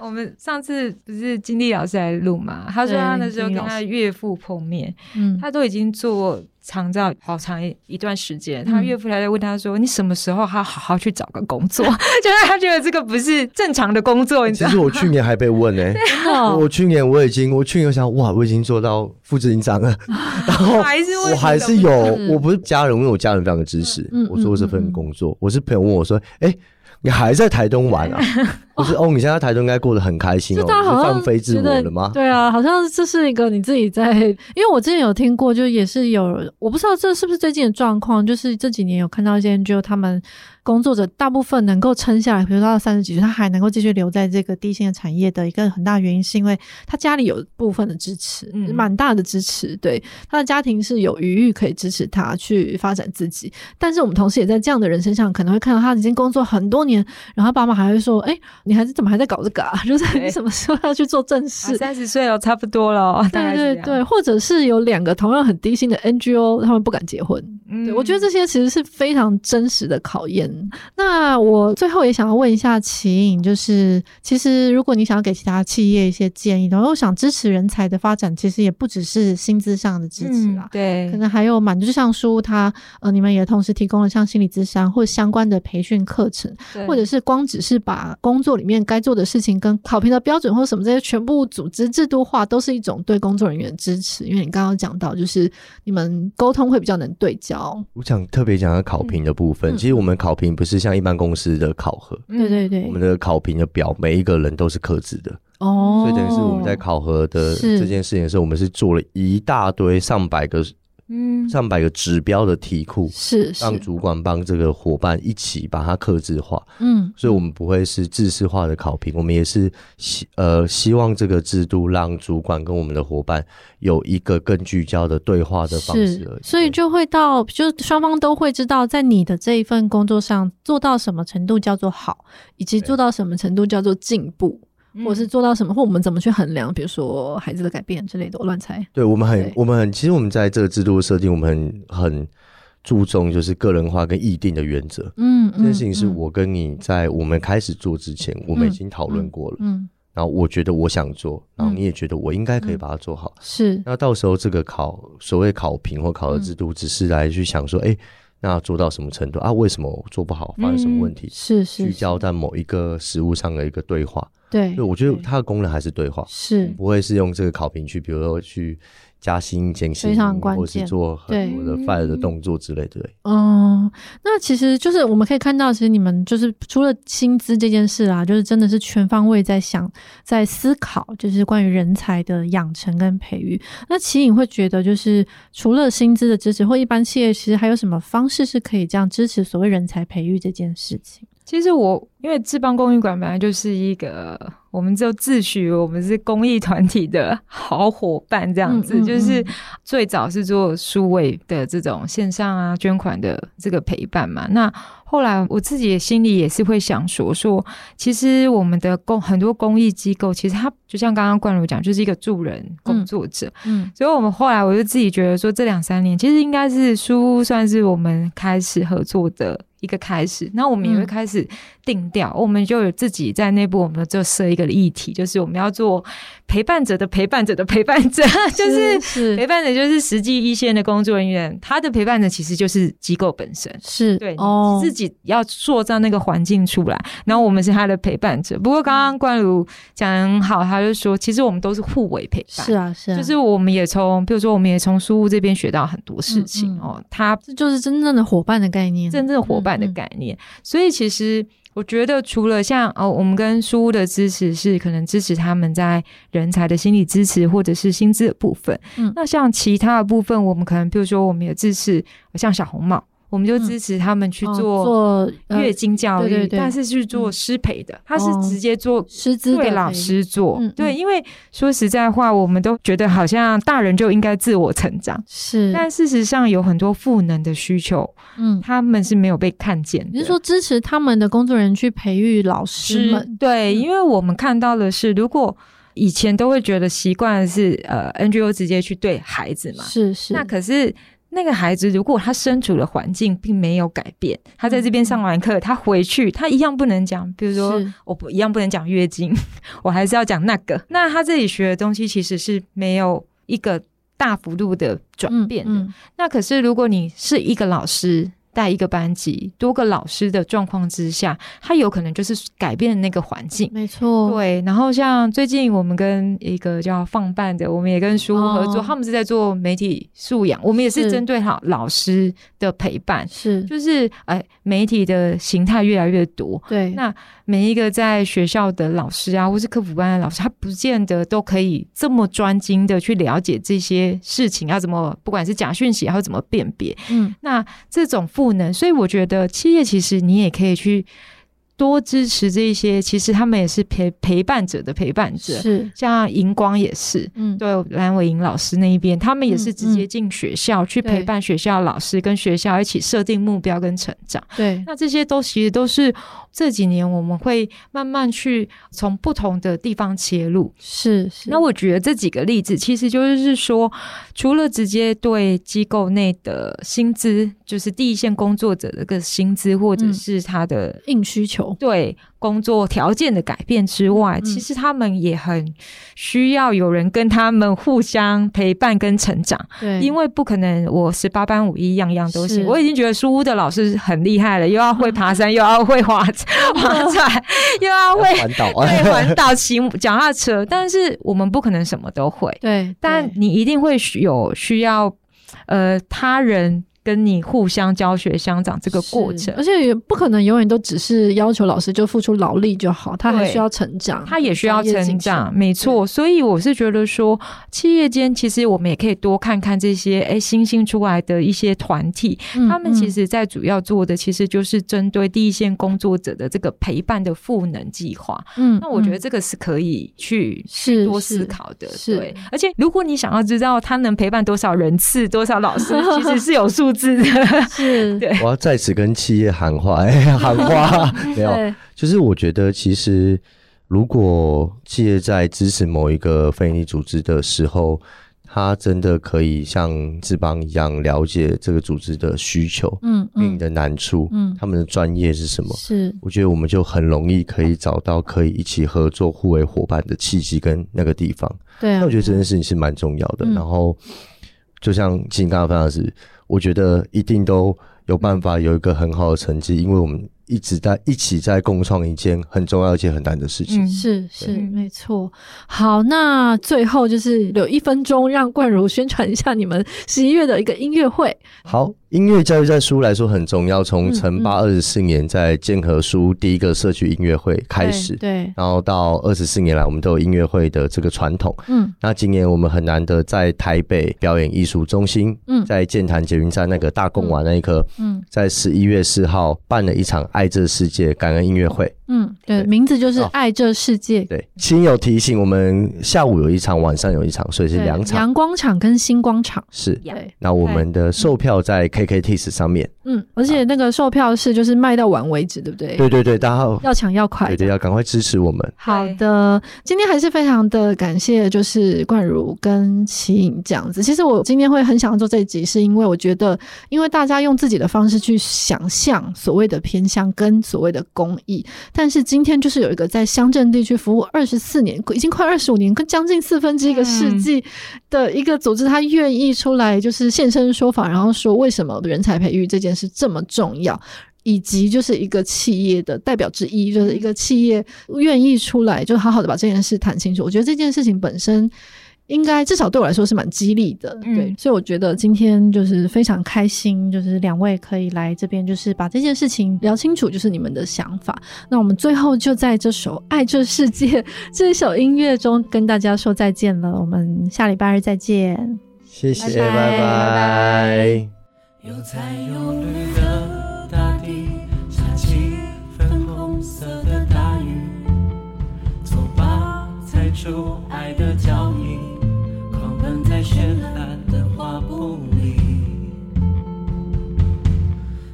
Speaker 4: 我們上次不是金歷老師來錄嘛？他說他那時候跟他的岳父碰面，嗯，他都已經做長照好長一段時間，嗯。他岳父還在問他說：“你什麼時候還要好好去找個工作？” 就是他覺得這個不是正常的工作。其實我去年
Speaker 2: 還被問呢，欸。 我去年我已經，我去年我想哇，我已經做到副執行長了。
Speaker 4: 然後
Speaker 5: 我還是有， 嗯，
Speaker 2: 我不是家人，因為我家人非常的支持。嗯嗯嗯嗯，我做我這份工作，我是朋友問我說：“哎、欸。”你還在台東玩啊？不是 哦，哦，你現在台東應該過得很開心，哦。你是放飛自我了嗎的對？
Speaker 1: 對啊，好像這是一個你自己在， 因為我之前有聽過，就也是有，我不知道這是不是最近的狀況，就是這幾年有看到一些就他們。工作者大部分能夠撐下來，比如說到三十幾歲，他還能夠繼續留在這個低薪的產業的一個很大原因，是因為他家裡有部分的支持，嗯，蠻大的支持，對他的家庭是有餘裕可以支持他去發展自己。但是我們同時也在這樣的人身上，可能會看到他已經工作很多年，然後他爸媽還會說：“哎、欸，你還是怎麼還在搞這個啊？就是你、欸、什麼時候要去做正事？”三十歲了，差不多了、哦。對對對、對，或者是有兩個同樣很低薪的 NGO，他們不敢結婚。嗯，我覺得這些其實是非常真實的考驗。嗯、那我最後也想要問一下奇穎，就是其實如果你想要給其他企業一些建議，然後想支持人才的發展，其實也不只是薪資上的支持啦、嗯，對，可能還有滿足，像書他呃，你們也同時提供了像心理諮商或相關的培訓課程，或者是光只是把工作裡面該做的事情跟考評的標準或什麼這些全部組織制度化，都是一種對工作人員的支持，因為你剛剛講到，就是你們溝通會比較能對焦。
Speaker 2: 我想特別講到考評的部分、嗯，其實我們考評。不是像一般公司的考核，
Speaker 5: 對對對，我們
Speaker 2: 的考評的表，每一個人都是客製的哦、嗯，所以等於是我們在考核的這件事情的時候，我們是做了一大堆上百個。嗯，上百個指標的題庫是，是讓主管幫這個夥伴一起把它客製化。嗯，所以我們不會是制式化的考評，嗯，我們也是希呃希望這個制度讓主管跟我們的夥伴有一個更聚焦的對話的方式而已。
Speaker 1: 所以就會到，就是雙方都會知道，在你的這一份工作上做到什麼程度叫做好，以及做到什麼程度叫做進步。或是做到什麼，或我們怎麼去衡量，比如說孩子的改變之類的，我亂猜。
Speaker 2: 對我們很，我們很其實我們在這個制度的設定，我們很，很注重就是個人化跟議定的原則。嗯嗯，這件事情是我跟你在我們開始做之前，嗯、我們已經討論過了，嗯。嗯，然後我覺得我想做，然後你也覺得我應該可以把它做好、嗯嗯。是，那到時候這個考所謂考評或考核制度，只是來去想說，哎、欸。那做到什麼程度啊？為什麼我做不好？發生什麼問題？嗯、是是，是聚焦在某一個實物上的一個對話。對，所以我覺得它的功能還是對話，是不會是用這個考評去，比如說去。加薪、減薪，或是做很多的 fire 的動作之類的。對。嗯、
Speaker 1: 呃，那其實就是我們可以看到，其實你們就是除了薪資這件事啊，就是真的是全方位在想、在思考，就是關於人才的養成跟培育。那奇穎會覺得，就是除了薪資的支持，或一般企業其實還有什麼方式是可以這樣支持所謂人才培
Speaker 4: 育這件事情？其實我。因為智邦公益館本來就是一個，我們就自詡我們是公益團體的好伙伴，這樣子、嗯嗯嗯、就是最早是做書屋的這種線上啊捐款的這個陪伴嘛。那後來我自己的心裡也是會想說,說，說其實我們的公很多公益機構，其實它就像剛剛冠儒講，就是一個助人工作者嗯。嗯，所以我們後來我就自己覺得說，這兩三年其實應該是書屋算是我們開始合作的一個開始，那我們也會開始定。我們就有自己在內部，我們就設一個議題，就是我們要做陪伴者的陪伴者的陪伴者， 就是陪伴者，就是實際一線的工作人員。他的陪伴者其實就是機構本身，是對、哦、自己要塑造那個環境出來。然後我們是他的陪伴者。不過剛剛冠儒講很好、嗯，他就說，其實我們都是互為陪伴。是啊，是啊，就是我們也從，比如說，我們也從書屋這邊學到很多事情嗯嗯哦。他這就是真正的夥伴的概念，真正的夥伴的概念嗯嗯。所以其實我覺得，除了像哦，我們跟書屋的支持是可能支持他們在。人才的心理支持，或者是薪資的部分。嗯，那像其他的部分，我們可能比如說，我們也支持像小紅帽，我們就支持他們去做做月經教育、嗯、哦，做的，但是去做師培的、嗯，他是直接做師資給老師做、哦，師資的培育。對，因為說實在話，我們都覺得好像大人就應該自我成長，是、嗯。但事實上，有很多賦能的需求，嗯，他們是沒有被看見的。比如說，支持他們的工作人員去培育老師們，對，嗯、因為我們看到的是，如果。以前都會覺得習慣是呃 NGO 直接去對孩子嘛，是是。那可是那個孩子如果他身處的環境並沒有改變，他在這邊上完課，嗯嗯，他回去他一樣不能講，比如說我一樣不能講月經，我還是要講那個。那他這裡學的東西其實是沒有一個大幅度的轉變的。嗯嗯，那可是如果你是一個老師。在一個班級多個老師的狀況之下，他有可能就是改變那個環境，沒錯。對，然後像最近我們跟一個叫放辦的，我們也跟書屋合作，哦、他們是在做媒體素養，我們也是針對好老師的陪伴，是就是哎、呃，媒體的形態越來越多，對那。每一個在學校的老師啊，或是課輔班的老師，他不見得都可以這麼專精的去了解這些事情啊，要怎麼不管是假訊息，還是怎麼辨別？嗯，那這種賦能，所以我覺得企業其實你也可以去多支持這些，其實他們也是陪陪伴者的陪伴者，是像熒光也是，嗯，對藍偉瑩老師那一邊，他們也是直接進學校、嗯嗯、去陪伴學校老師，跟學校一起設定目標跟成長。對，那這些都其實都是。這幾年我們會慢慢去從不同的地方切入，是。是。那我覺得這幾個例子其實就是說，除了直接對機構內的薪資，就是第一線工作者的個薪資，或者是他的、嗯、硬需求，對。工作條件的改變之外，嗯，其實他們也很需要有人跟他們互相陪伴跟成長。因為不可能我，我十八般武藝，一樣樣都行。我已經覺得書屋的老師很厲害了，嗯，又要會爬山，嗯，又要會划船，划，嗯，船又要會環島，會環島騎腳踏車。 但是我們不可能什麼都會，對。對，但你一定會有需要，呃，他人。跟你互相教學相長這個過程，而且也不
Speaker 1: 可能永遠都只是要求老師就付出勞力就好，他還需要
Speaker 4: 成長，他也需要成長，沒錯。所以我是覺得說，企業間其實我們也可以多看看這些，哎，新興出來的一些團體、嗯，他們其實，在主要做的其實就是針對第一線工作者的這個陪伴的賦能計劃。嗯，那我覺得這個是可以去，去多思考的，是，是。對，而且如果你想要知道他能陪伴多少人次、多少老師，其實是有數。 是，對，
Speaker 2: 我要在此跟企業喊話、欸，哎， 喊話沒有。對，就是我覺得，其實如果企業在支持某一個非營利組織的時候，他真的可以像智邦一樣了解這個組織的需求，嗯，你的難處，嗯，他們的專業是什麼？是，我覺得我們就很容易可以找到可以一起合作、互為夥伴的契機跟那個地方。對、啊，那我覺得這件事情是蠻重要的。嗯、然後，就像其實剛剛分享的是。我覺得一定都有辦法有一個很好的成績，因為我們一直在一起在共創一件很重要、一件很難的事情。嗯、是
Speaker 1: 是，沒錯。好，那最後就是留一分鐘讓冠儒宣傳一下你們十一月的一個音樂會。
Speaker 2: 好。音樂教育在書來說很重要，從成八二十四年在建和書第一個社區音樂會開始，嗯嗯、對,對，然後到二十四年來，我們都有音樂會的這個傳統。嗯，那今年我們很難得在台北表演藝術中心，嗯，在劍潭捷運站那個大貢丸那一顆，嗯，嗯在十一月四號辦了一場愛這世界感恩音樂會。哦
Speaker 1: 嗯對，對，名字就是《愛這世界》哦。對，
Speaker 2: 親友提醒，我們下午有一場，嗯，晚上有一場，所以是兩場：陽
Speaker 1: 光場跟星光場。是對，對。那我們的
Speaker 2: 售票在 KKTS 上面
Speaker 1: 嗯。嗯，而且那個售票是就是賣到完為止，啊，對不對？對
Speaker 2: 對對，大家要搶要，要快，對，對，對，要趕快支持我們，
Speaker 1: 對對對持我們，Hi。好的，今天還是非常的感謝，就是冠儒跟奇穎這樣子。其實我今天會很想做這一集，是因為我覺得，因為大家用自己的方式去想象所謂的偏向跟所謂的公益。但是今天就是有一個在鄉鎮地區服務二十四年，已經快二十五年，跟將近四分之一個世紀的一個組織，他、嗯、願意出來就是現身說法，然後說為什麼人才培育這件事這麼重要，以及就是一個企業的代表之一，就是一個企業願意出來就好好的把這件事談清楚。我覺得這件事情本身。應該至少對我來說是蠻激勵的，嗯，對，所以我覺得今天就是非常開心，就是兩位可以來這邊，就是把這件事情聊清楚，就是你們的想法。那我們最後就在這首《愛這世界》這首音樂中跟大家說再見了，我們下禮拜日再見，
Speaker 2: 謝謝，拜拜。
Speaker 5: 絢爛的畫布裡，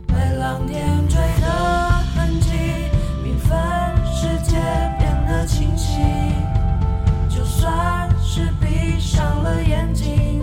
Speaker 5: 白浪點綴的痕跡，繽紛世界變得清晰。就算是閉上了眼睛。